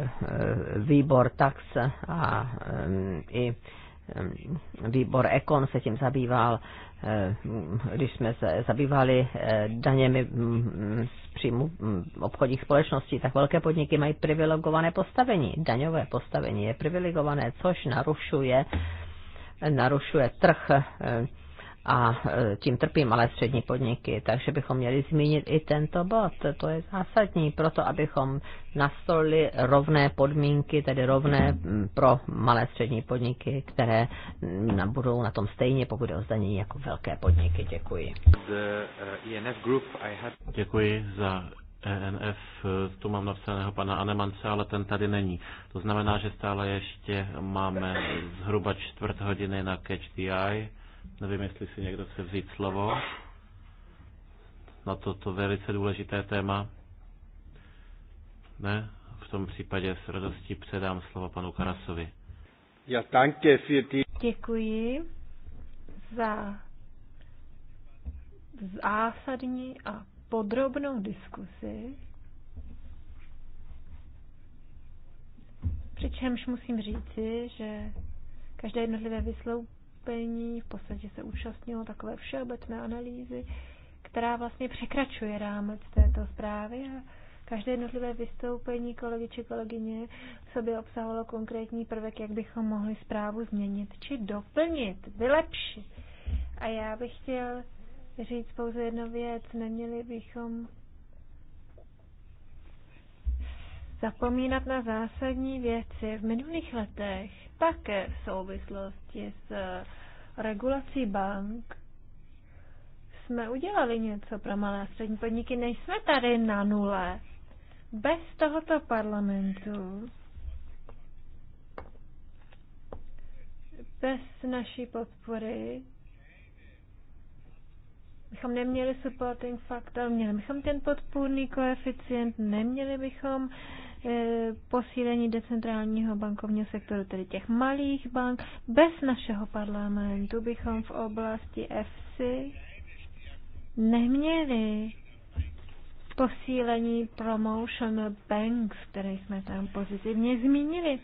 výbor tax a e, i výbor Ekon se tím zabýval, eh, když jsme se zabývali eh, daněmi mm, mm, z příjmu mm, obchodních společností, tak velké podniky mají privilegované postavení. Daňové postavení je privilegované, což narušuje, narušuje trh eh, a e, tím trpí malé střední podniky, takže bychom měli zmínit i tento bod. To je zásadní proto, abychom nastolili rovné podmínky, tedy rovné pro malé střední podniky, které budou na tom stejně, pokud je o zdanění jako velké podniky. Děkuji. E, e Děkuji za ENF, tu mám napsaného pana Anemance, ale ten tady není. To znamená, že stále ještě máme zhruba čtvrt hodiny na Catch the Eye Nevím, jestli si někdo chce vzít slovo na toto velice důležité téma. Ne? V tom případě s radostí předám slovo panu Karasovi. Já danke für die... Děkuji za zásadní a podrobnou diskusi. Přičemž musím říci, že každé jednotlivé vysloupení vystoupení, v podstatě se účastnilo takové všeobecné analýzy, která vlastně překračuje rámec této zprávy a každé jednotlivé vystoupení kolegy či kolegyně v sobě obsahovalo konkrétní prvek, jak bychom mohli zprávu změnit či doplnit, vylepšit. A já bych chtěl říct pouze jednu věc, neměli bychom zapomínat na zásadní věci. V minulých letech také v souvislosti s eh, regulací bank jsme udělali něco pro malé a střední podniky. Nejsme tady na nule. Bez tohoto parlamentu, bez naší podpory, bychom neměli supporting factor, měli bychom ten podpůrný koeficient, neměli bychom posílení decentrálního bankovního sektoru, tedy těch malých bank. Bez našeho parlamentu bychom v oblasti EFSI neměli posílení promotion banks, které jsme tam pozitivně zmínili.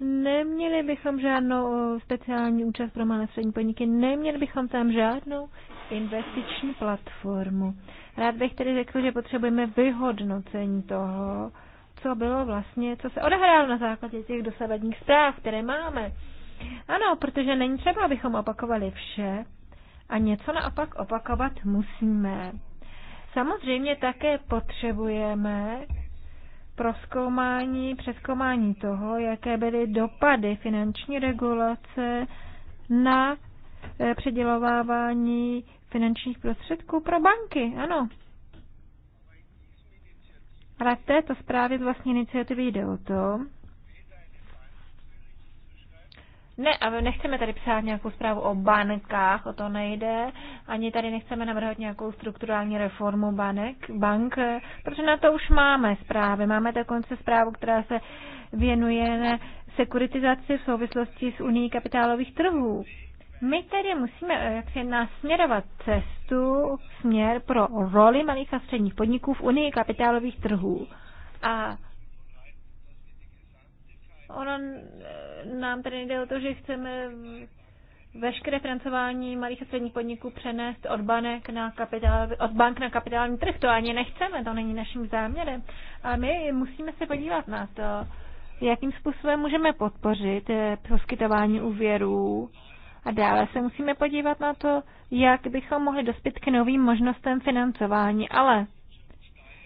Neměli bychom žádnou speciální účast pro malé střední podniky, neměli bychom tam žádnou investiční platformu. Rád bych tedy řekl, že potřebujeme vyhodnocení toho, co bylo vlastně, co se odehrálo na základě těch dosavadních zpráv, které máme. Ano, protože není třeba, abychom opakovali vše a něco naopak opakovat musíme. Samozřejmě také potřebujeme proskoumání, přeskoumání toho, jaké byly dopady finanční regulace na eh, předělovávání finančních prostředků pro banky. Ano, ale v této zprávě vlastně iniciativy jde o to, ne, a nechceme tady psát nějakou zprávu o bankách, o to nejde. Ani tady nechceme navrhovat nějakou strukturální reformu banek, bank, protože na to už máme zprávy. Máme dokonce zprávu, která se věnuje sekuritizaci v souvislosti s unii kapitálových trhů. My tedy musíme eh, jak se nasměrovat cestu, směr pro roli malých a středních podniků v Unii kapitálových trhů. A ono eh, nám tedy jde o to, že chceme veškeré financování malých a středních podniků přenést od, banek na kapitál, od bank na kapitální trh. To ani nechceme, to není naším záměrem. A my musíme se podívat na to, jakým způsobem můžeme podpořit eh, poskytování úvěrů a dále se musíme podívat na to, jak bychom mohli dospět k novým možnostem financování, ale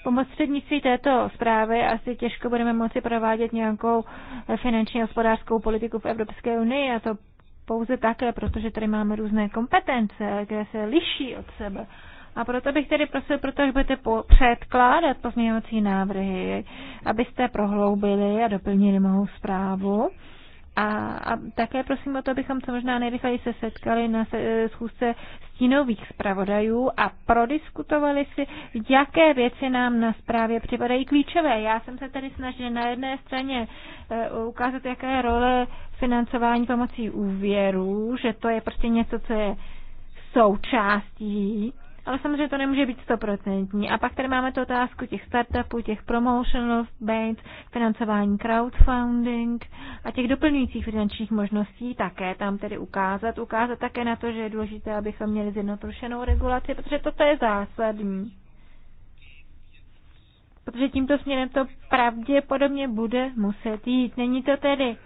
Pomocřednictví této zprávy asi těžko budeme moci provádět nějakou finanční a hospodářskou politiku v Evropské unii a to pouze také, protože tady máme různé kompetence, které se liší od sebe. A proto bych tedy prosil, protože budete po- předkládat pozměňovací návrhy, abyste prohloubili a doplnili mou zprávu a, a také prosím o to, abychom se možná nejrychleji se setkali na se, eh, schůzce stínových zpravodajů a prodiskutovali si, jaké věci nám na zprávě připadají klíčové. Já jsem se tady snažil na jedné straně eh, ukázat, jaká je role financování pomocí úvěrů, že to je prostě něco, co je součástí ale samozřejmě to nemůže být stoprocentní. A pak tady máme tu otázku těch startupů, těch promotional bank, financování crowdfunding a těch doplňujících finančních možností také tam tedy ukázat. Ukázat také na to, že je důležité, abychom měli zjednodušenou regulaci, protože toto je zásadní. Protože tímto směrem to pravděpodobně bude muset jít. Není to tedy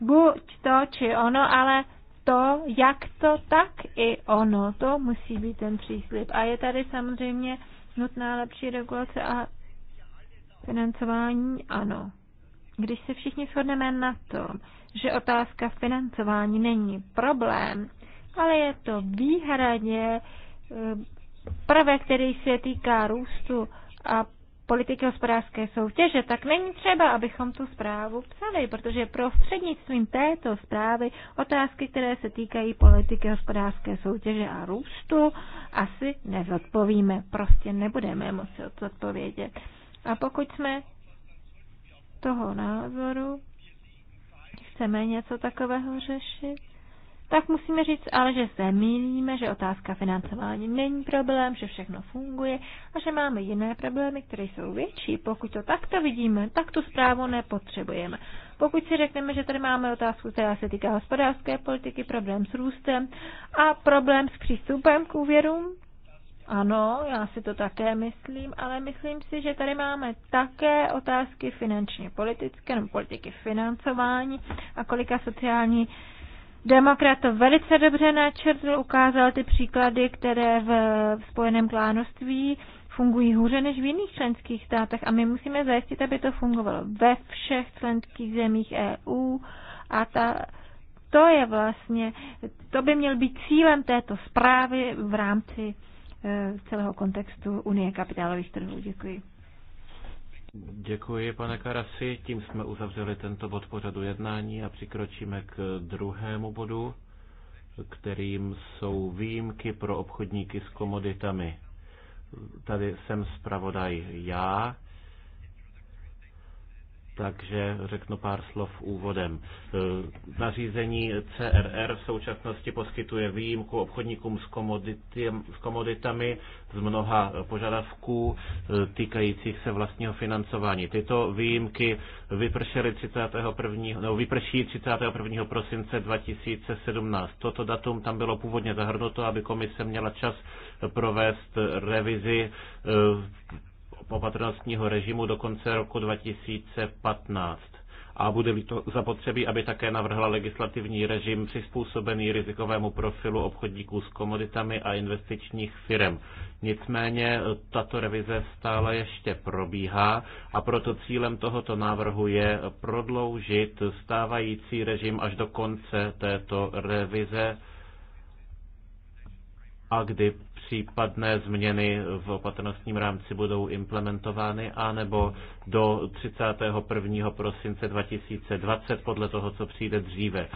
buď to či ono, ale to, jak to, tak i ono. To musí být ten příslip. A je tady samozřejmě nutná lepší regulace a financování, ano. Když se všichni shodneme na tom, že otázka financování není problém, ale je to výhradně eh, prvé, který se týká růstu a politiky hospodářské soutěže, tak není třeba, abychom tu zprávu psali, protože prostřednictvím této zprávy otázky, které se týkají politiky hospodářské soutěže a růstu, asi nezodpovíme. Prostě nebudeme moci odpovědět. A pokud jsme toho názoru, chceme něco takového řešit, tak musíme říct ale, že se mýlíme, že otázka financování není problém, že všechno funguje a že máme jiné problémy, které jsou větší. Pokud to takto vidíme, tak tu zprávu nepotřebujeme. Pokud si řekneme, že tady máme otázku, která se týká hospodářské politiky, problém s růstem a problém s přístupem k úvěrům, ano, já si to také myslím, ale myslím si, že tady máme také otázky finančně politické, nebo politiky financování a kolika sociální Demokrat to velice dobře načrtl, ukázal ty příklady, které v Spojeném klánoství fungují hůře než v jiných členských státech a my musíme zajistit, aby to fungovalo ve všech členských zemích EU a ta, to je vlastně, to by měl být cílem této zprávy v rámci eh, celého kontextu Unie kapitálových trhů. Děkuji. Děkuji, pane Karasi. Tím jsme uzavřeli tento bod pořadu jednání a přikročíme k druhému bodu, kterým jsou výjimky pro obchodníky s komoditami. Tady jsem zpravodaj já takže řeknu pár slov úvodem. E, nařízení CRR v současnosti poskytuje výjimku obchodníkům s, komodity, s komoditami z mnoha požadavků e, týkajících se vlastního financování. Tyto výjimky vypršely 31, no, vyprší 31. prosince 2017. Toto datum tam bylo původně zahrnuto, aby komise měla čas provést revizi e, opatrnostního režimu do konce roku 2015 a bude to zapotřebí, aby také navrhla legislativní režim přizpůsobený rizikovému profilu obchodníků s komoditami a investičních firm. Nicméně e, tato revize stále ještě probíhá a proto cílem tohoto návrhu je prodloužit stávající režim až do konce této revize a kdy případné změny v opatrnostním rámci budou implementovány, anebo do 31. prosince 2020, podle toho, co přijde dříve.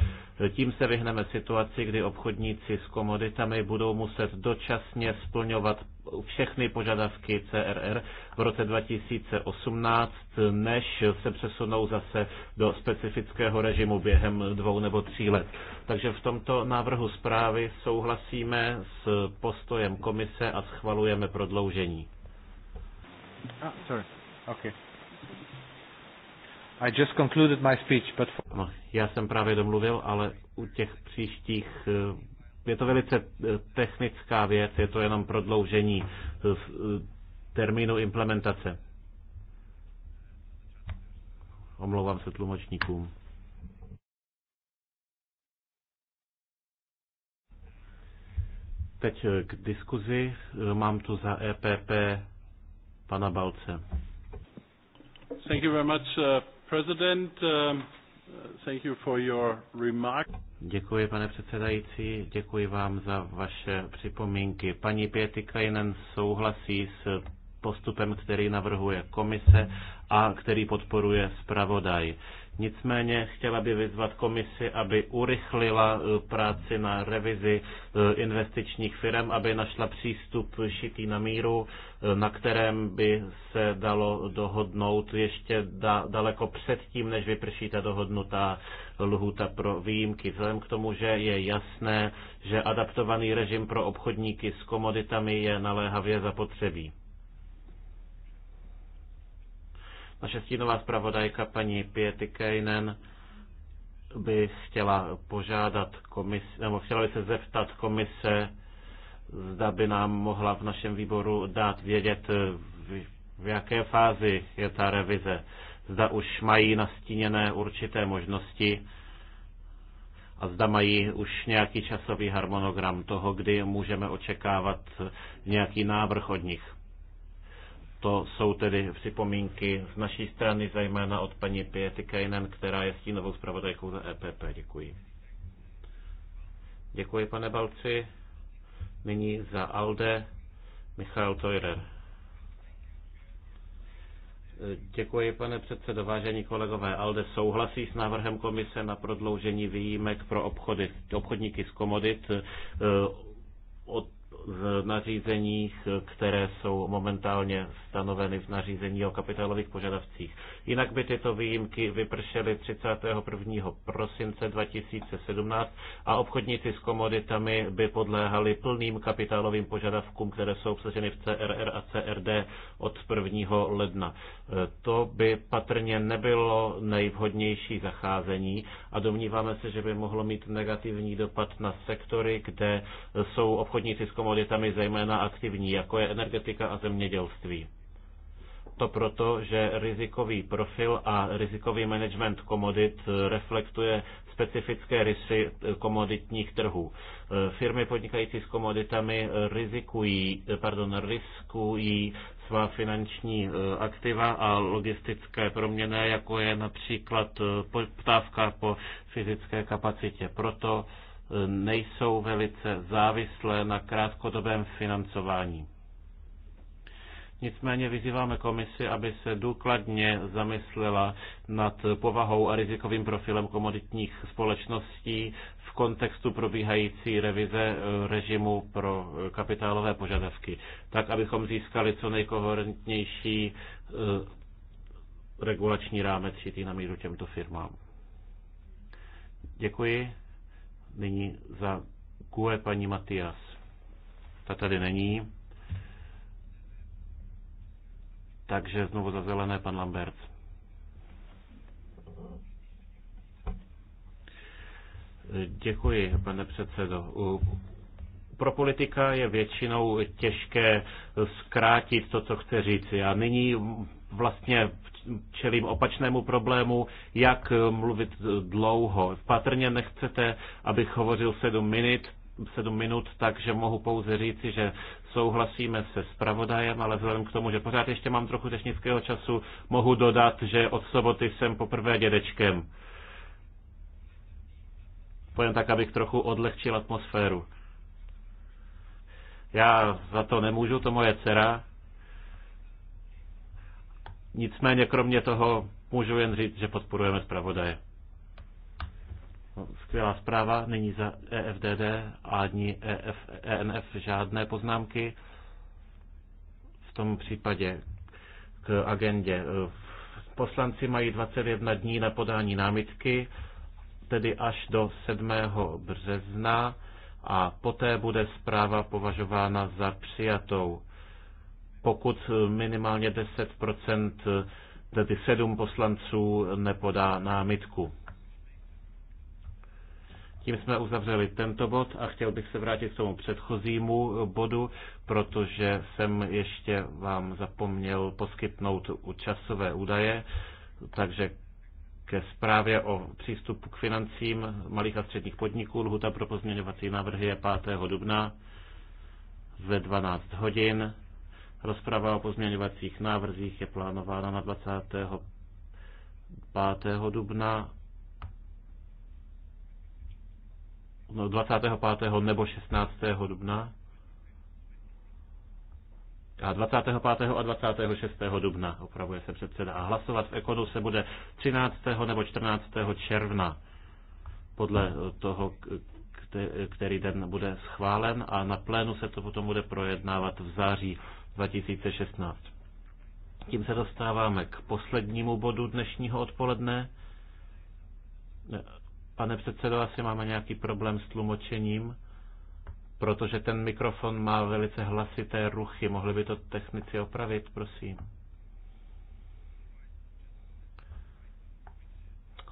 Tím se vyhneme situaci, kdy obchodníci s komoditami budou muset dočasně splňovat všechny požadavky CRR v roce 2018, než se přesunou zase do specifického režimu během dvou nebo tří let. Takže v tomto návrhu zprávy souhlasíme s postojem komise a schvalujeme prodloužení. Ah, sorry. Okay. I just concluded my speech, but for... no, já jsem právě domluvil, ale u těch příštích eh, je to velice eh, technická věc, je to jenom prodloužení eh, eh, termínu implementace. Omlouvám se tlumočníkům. Teď k diskuzi. Mám tu za EPP pana Balce. Thank you very much, uh, President. Uh... Děkuji, pane předsedající, děkuji vám za vaše připomínky. Paní Pětikajnen souhlasí s postupem, který navrhuje komise a který podporuje zpravodaj. Nicméně chtěla by vyzvat komisi, aby urychlila eh, práci na revizi eh, investičních firm, aby našla přístup šitý na míru, eh, na kterém by se dalo dohodnout ještě da, daleko před tím, než vyprší ta dohodnutá lhuta pro výjimky. Vzhledem k tomu, že je jasné, že adaptovaný režim pro obchodníky s komoditami je naléhavě zapotřebí. Naše stínová zpravodajka paní Piety Kejnen by chtěla požádat komise, nebo chtěla by se zeptat komise, zda by nám mohla v našem výboru dát vědět, v jaké fázi je ta revize. Zda už mají nastíněné určité možnosti a zda mají už nějaký časový harmonogram toho, kdy můžeme očekávat nějaký návrh od nich. To jsou tedy připomínky z naší strany, zejména od paní Piety Kejnen, která je stínovou zpravodajkou za EPP. Děkuji. Děkuji, pane Balci. Nyní za ALDE Michal Tojrer. Děkuji, pane předsedo. Vážení kolegové, ALDE souhlasí s návrhem komise na prodloužení výjimek pro obchody, obchodníky z komodit eh, od v nařízeních, které jsou momentálně stanoveny v nařízení o kapitálových požadavcích. Jinak by tyto výjimky vypršely 31. prosince 2017 a obchodníci s komoditami by podléhali plným kapitálovým požadavkům, které jsou obsaženy v CRR a CRD od 1. ledna. To by patrně nebylo nejvhodnější zacházení a domníváme se, že by mohlo mít negativní dopad na sektory, kde jsou obchodníci s komoditami zejména aktivní, jako je energetika a zemědělství. To proto, že rizikový profil a rizikový management komodit reflektuje specifické rysy komoditních trhů. Firmy podnikající s komoditami rizikují, pardon, riskují svá finanční e, aktiva a logistické proměny, jako je například e, ptávka po fyzické kapacitě. Proto e, nejsou velice závislé na krátkodobém financování. Nicméně vyzýváme komisi, aby se důkladně zamyslela nad povahou a rizikovým profilem komoditních společností v kontextu probíhající revize e, režimu pro e, kapitálové požadavky, tak abychom získali co nejkoherentnější e, regulační rámec šitý na míru těmto firmám. Děkuji. Nyní za kůle paní Matias. Ta tady není. Takže znovu za zelené pan Lambert. Děkuji, pane předsedo. Pro politika je většinou těžké zkrátit to, co chce říct. Já nyní vlastně čelím opačnému problému, jak mluvit dlouho. Patrně nechcete, abych hovořil sedm minut, sedm minut, takže mohu pouze říci, že souhlasíme se zpravodajem, ale vzhledem k tomu, že pořád ještě mám trochu řečnického času, mohu dodat, že od soboty jsem poprvé dědečkem. Pojem tak, abych trochu odlehčil atmosféru. Já za to nemůžu, to moje dcera. Nicméně kromě toho můžu jen říct, že podporujeme zpravodaje. Skvělá zpráva, není za EFDD ani EF, ENF žádné poznámky. V tom případě k agendě. Poslanci mají 21 dní na podání námitky tedy až do 7. března a poté bude zpráva považována za přijatou, pokud minimálně 10 tedy 7 poslanců nepodá námitku. Tím jsme uzavřeli tento bod a chtěl bych se vrátit k tomu předchozímu bodu, protože jsem ještě vám zapomněl poskytnout časové údaje, takže ke zprávě o přístupu k financím malých a středních podniků. Lhuta pro pozměňovací návrhy je 5. dubna ve 12 hodin. Rozprava o pozměňovacích návrzích je plánována na 25. dubna no 25. nebo 16. dubna a 25. a 26. dubna, opravuje se předseda. A hlasovat v Ekonu se bude 13. nebo 14. června, podle toho, který den bude schválen a na plénu se to potom bude projednávat v září 2016. Tím se dostáváme k poslednímu bodu dnešního odpoledne. Pane předsedo, asi máme nějaký problém s tlumočením protože ten mikrofon má velice hlasité ruchy. Mohli by to technici opravit, prosím?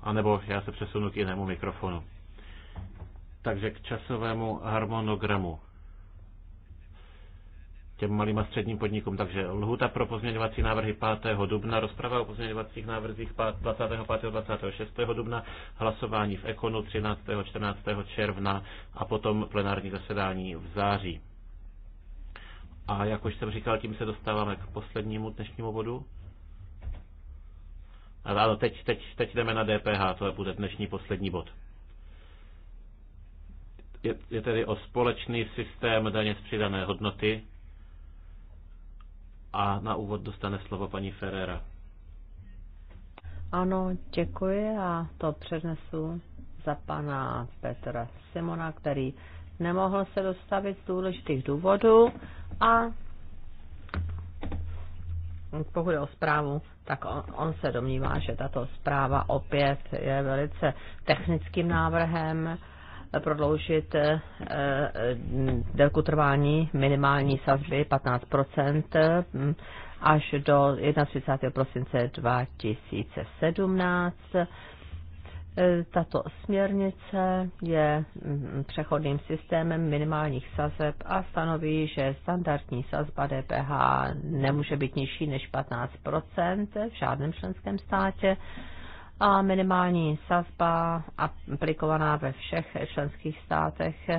A nebo já se přesunu k jinému mikrofonu. Takže k časovému harmonogramu těm malým a středním podnikům. Takže lhuta pro pozměňovací návrhy 5. dubna, rozprava o pozměňovacích návrzích 25. a 26. dubna, hlasování v Ekonu 13. 14. června a potom plenární zasedání v září. A jak už jsem říkal, tím se dostáváme k poslednímu dnešnímu bodu. Ano, teď, teď, teď jdeme na DPH, to bude dnešní poslední bod. Je, je tedy o společný systém daně z přidané hodnoty, a na úvod dostane slovo paní Ferrera. Ano, děkuji a to přednesu za pana Petra Simona, který nemohl se dostavit z důležitých důvodů a pokud je o zprávu, tak on, on se domnívá, že tato zpráva opět je velice technickým návrhem, prodloužit eh, eh, délku trvání minimální sazby 15 hm, až do 31. prosince 2017. Eh, tato směrnice je hm, přechodným systémem minimálních sazeb a stanoví, že standardní sazba DPH nemůže být nižší než 15 v žádném členském státě a minimální sazba aplikovaná ve všech členských státech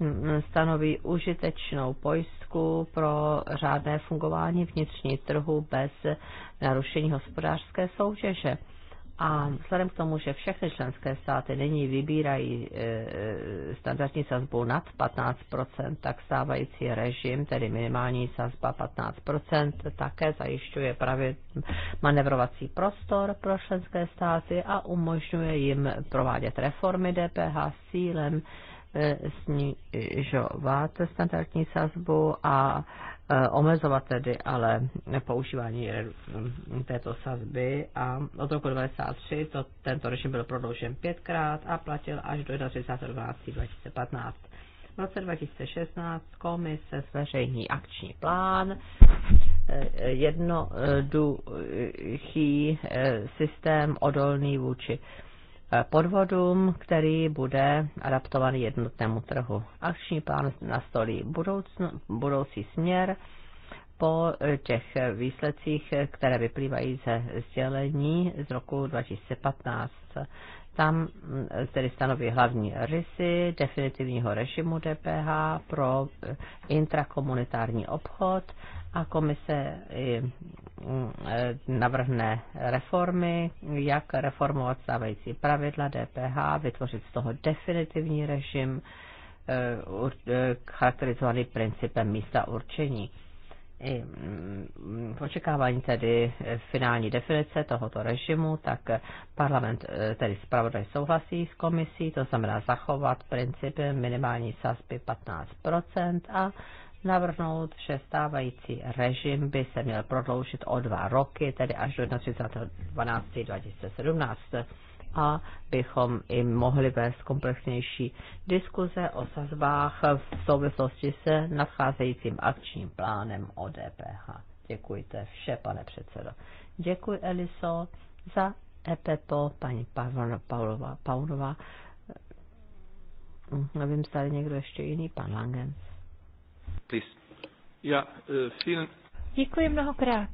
mm, stanoví užitečnou pojistku pro řádné fungování vnitřní trhu bez narušení hospodářské soutěže. A vzhledem k tomu, že všechny členské státy nyní vybírají e, standardní sazbu nad 15 tak stávající režim, tedy minimální sazba 15 také zajišťuje právě manevrovací prostor pro členské státy a umožňuje jim provádět reformy DPH s cílem e, snižovat standardní sazbu a Eh, omezovat tedy, ale používání eh, této sazby a od roku 1993 to, tento režim byl prodloužen pětkrát a platil až do 31.12.2015. V roce 2016 komise zveřejní akční plán, eh, jednoduchý systém odolný vůči podvodům, který bude adaptovaný jednotnému trhu. Akční plán nastolí budoucno, budoucí směr po těch výsledcích, které vyplývají ze sdělení z roku 2015. Tam mm, tedy stanoví hlavní rysy definitivního režimu DPH pro intrakomunitární obchod a komise mm, e, navrhne reformy, jak reformovat stávající pravidla DPH, vytvořit z toho definitivní režim e, e, charakterizovaný principem místa určení. I mm, v očekávání tedy finální definice tohoto režimu, tak parlament, tedy zpravodaj souhlasí s komisí, to znamená zachovat princip minimální sazby 15% a navrhnout, že stávající režim by se měl prodloužit o dva roky, tedy až do 31.12.2017 a bychom i mohli vést komplexnější diskuze o sazbách v souvislosti se nadcházejícím akčním plánem o DPH. Děkuji, to je vše, pane předsedo. Děkuji, Eliso, za EPPO, paní Pavlova, Pavlova. Nevím, zda někdo ještě jiný, pan Langens. Please. E, Děkuji mnohokrát.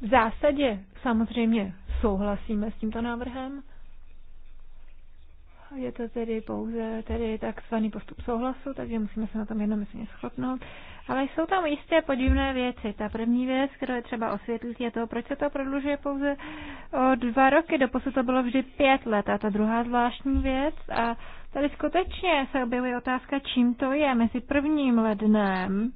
V zásadě samozřejmě souhlasíme s tímto návrhem. Je to tedy pouze tedy takzvaný postup souhlasu, takže musíme se na tom jednomyslně schopnout. Ale jsou tam jisté podivné věci. Ta první věc, kterou je třeba osvětlit, je to, proč se to prodlužuje pouze o dva roky. Doposud to bylo vždy pět let. A ta druhá zvláštní věc, a Tady skutečně se objevuje otázka, čím to je mezi prvním lednem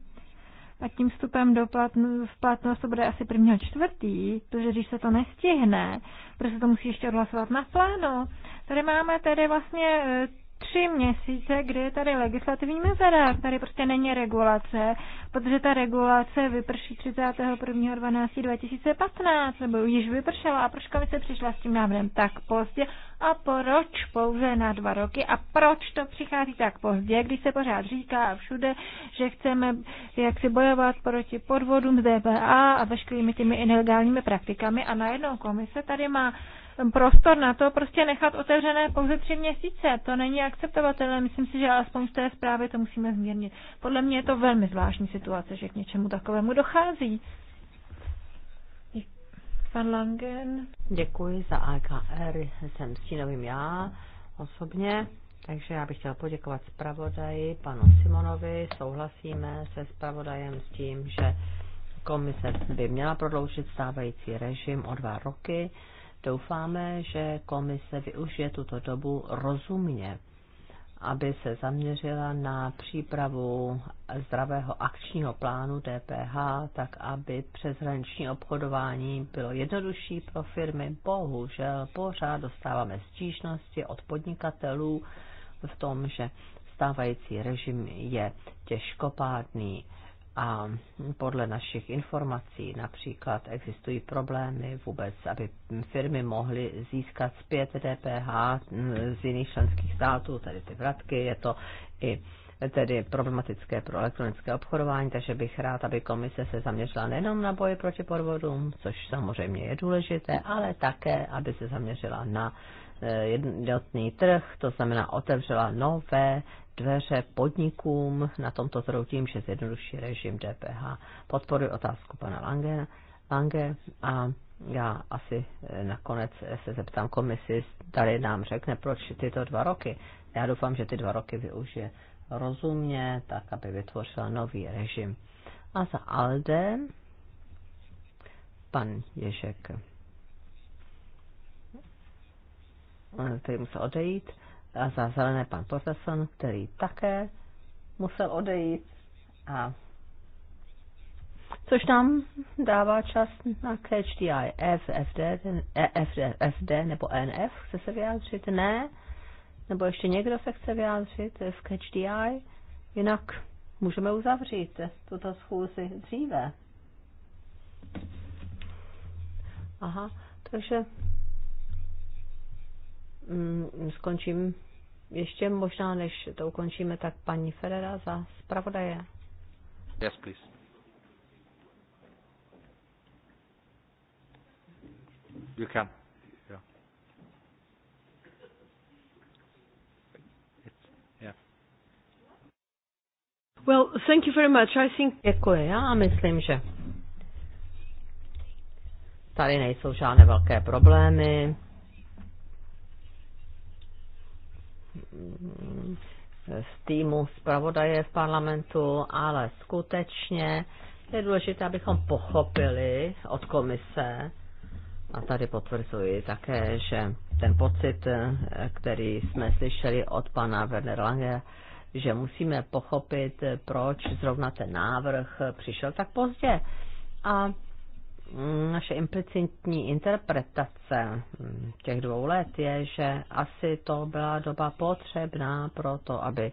a tím vstupem do platn- v platnost to bude asi prvního čtvrtý, protože když se to nestihne, protože to musí ještě odhlasovat na plánu. Tady máme tedy vlastně eh, tři měsíce, kdy je tady legislativní mezera, tady prostě není regulace, protože ta regulace vyprší 31.12.2015, nebo již vypršela a proč komise přišla s tím návrhem tak pozdě a proč pouze na dva roky a proč to přichází tak pozdě, když se pořád říká všude, že chceme jak si bojovat proti podvodům z DPA a veškerými těmi ilegálními praktikami a najednou komise tady má prostor na to prostě nechat otevřené pouze tři měsíce. To není akceptovatelné. Myslím si, že alespoň v té zprávě to musíme zmírnit. Podle mě je to velmi zvláštní situace, že k něčemu takovému dochází. Pan Langen. Děkuji za AKR. Jsem stínovým já osobně. Takže já bych chtěla poděkovat zpravodaji, panu Simonovi. Souhlasíme se zpravodajem s tím, že komise by měla prodloužit stávající režim o dva roky Doufáme, že komise využije tuto dobu rozumně, aby se zaměřila na přípravu zdravého akčního plánu DPH, tak aby přeshraniční obchodování bylo jednodušší pro firmy. Bohužel pořád dostáváme stížnosti od podnikatelů v tom, že stávající režim je těžkopádný a podle našich informací například existují problémy vůbec, aby firmy mohly získat zpět DPH z jiných členských států, tedy ty vratky, je to i tedy problematické pro elektronické obchodování, takže bych rád, aby komise se zaměřila nejenom na boje proti podvodům, což samozřejmě je důležité, ale také, aby se zaměřila na eh, jednotný trh, to znamená otevřela nové dveře podnikům na tomto trhu tím, že zjednoduší režim DPH. Podporuji otázku pana Lange, Lange a já asi eh, nakonec se zeptám komisi, tady nám řekne, proč tyto dva roky. Já doufám, že ty dva roky využije rozumně, tak aby vytvořila nový režim. A za ALDE pan Ježek. Eh, tady musel odejít a za zelené pan profesor, který také musel odejít. A což nám dává čas na KHDI, the eye. F, FD, e, FD, nebo NF, chce se vyjádřit? Ne. Nebo ještě někdo se chce vyjádřit v KHDI, Jinak můžeme uzavřít tuto schůzi dříve. Aha, takže Mm, skončím ještě možná, než to ukončíme, tak paní Ferrera za zpravodaje. Yes, please. You can. Yeah. Well, thank you very much. I think... Děkuji. Já myslím, že tady nejsou žádné velké problémy. z týmu zpravodaje v parlamentu, ale skutečně je důležité, abychom pochopili od komise, a tady potvrzuji také, že ten pocit, který jsme slyšeli od pana Werner Lange, že musíme pochopit, proč zrovna ten návrh přišel tak pozdě. A naše implicitní interpretace těch dvou let je, že asi to byla doba potřebná pro to, aby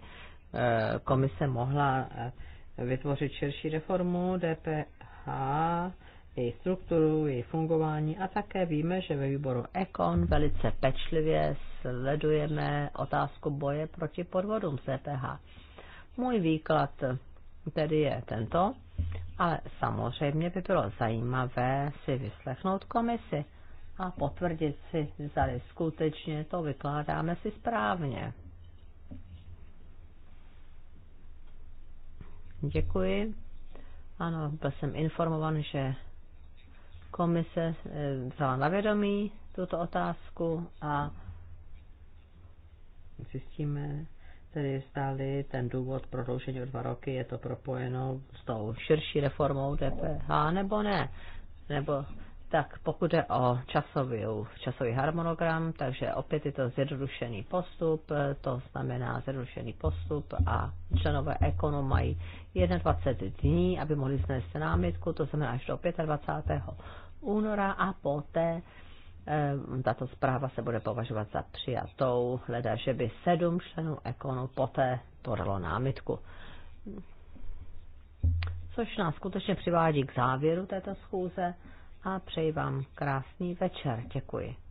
eh, komise mohla eh, vytvořit širší reformu DPH, její strukturu, její fungování a také víme, že ve výboru Econ velice pečlivě sledujeme otázku boje proti podvodům CPH. Můj výklad tedy je tento ale samozřejmě by bylo zajímavé si vyslechnout komisi a potvrdit si, zda skutečně to vykládáme si správně. Děkuji. Ano, byl jsem informovan, že komise eh, vzala na vědomí tuto otázku a zjistíme, tedy stály ten důvod prodloužení o dva roky je to propojeno s tou širší reformou DPH nebo ne. Nebo tak pokud je o časový, časový harmonogram, takže opět je to zjednodušený postup, to znamená zjednodušený postup a členové ekonom mají 21 dní, aby mohli znést námitku, to znamená až do 25. února a poté Ehm, tato zpráva se bude považovat za přijatou, hledá, že by sedm členů ekonu poté podalo námitku. Což nás skutečně přivádí k závěru této schůze a přeji vám krásný večer. Děkuji.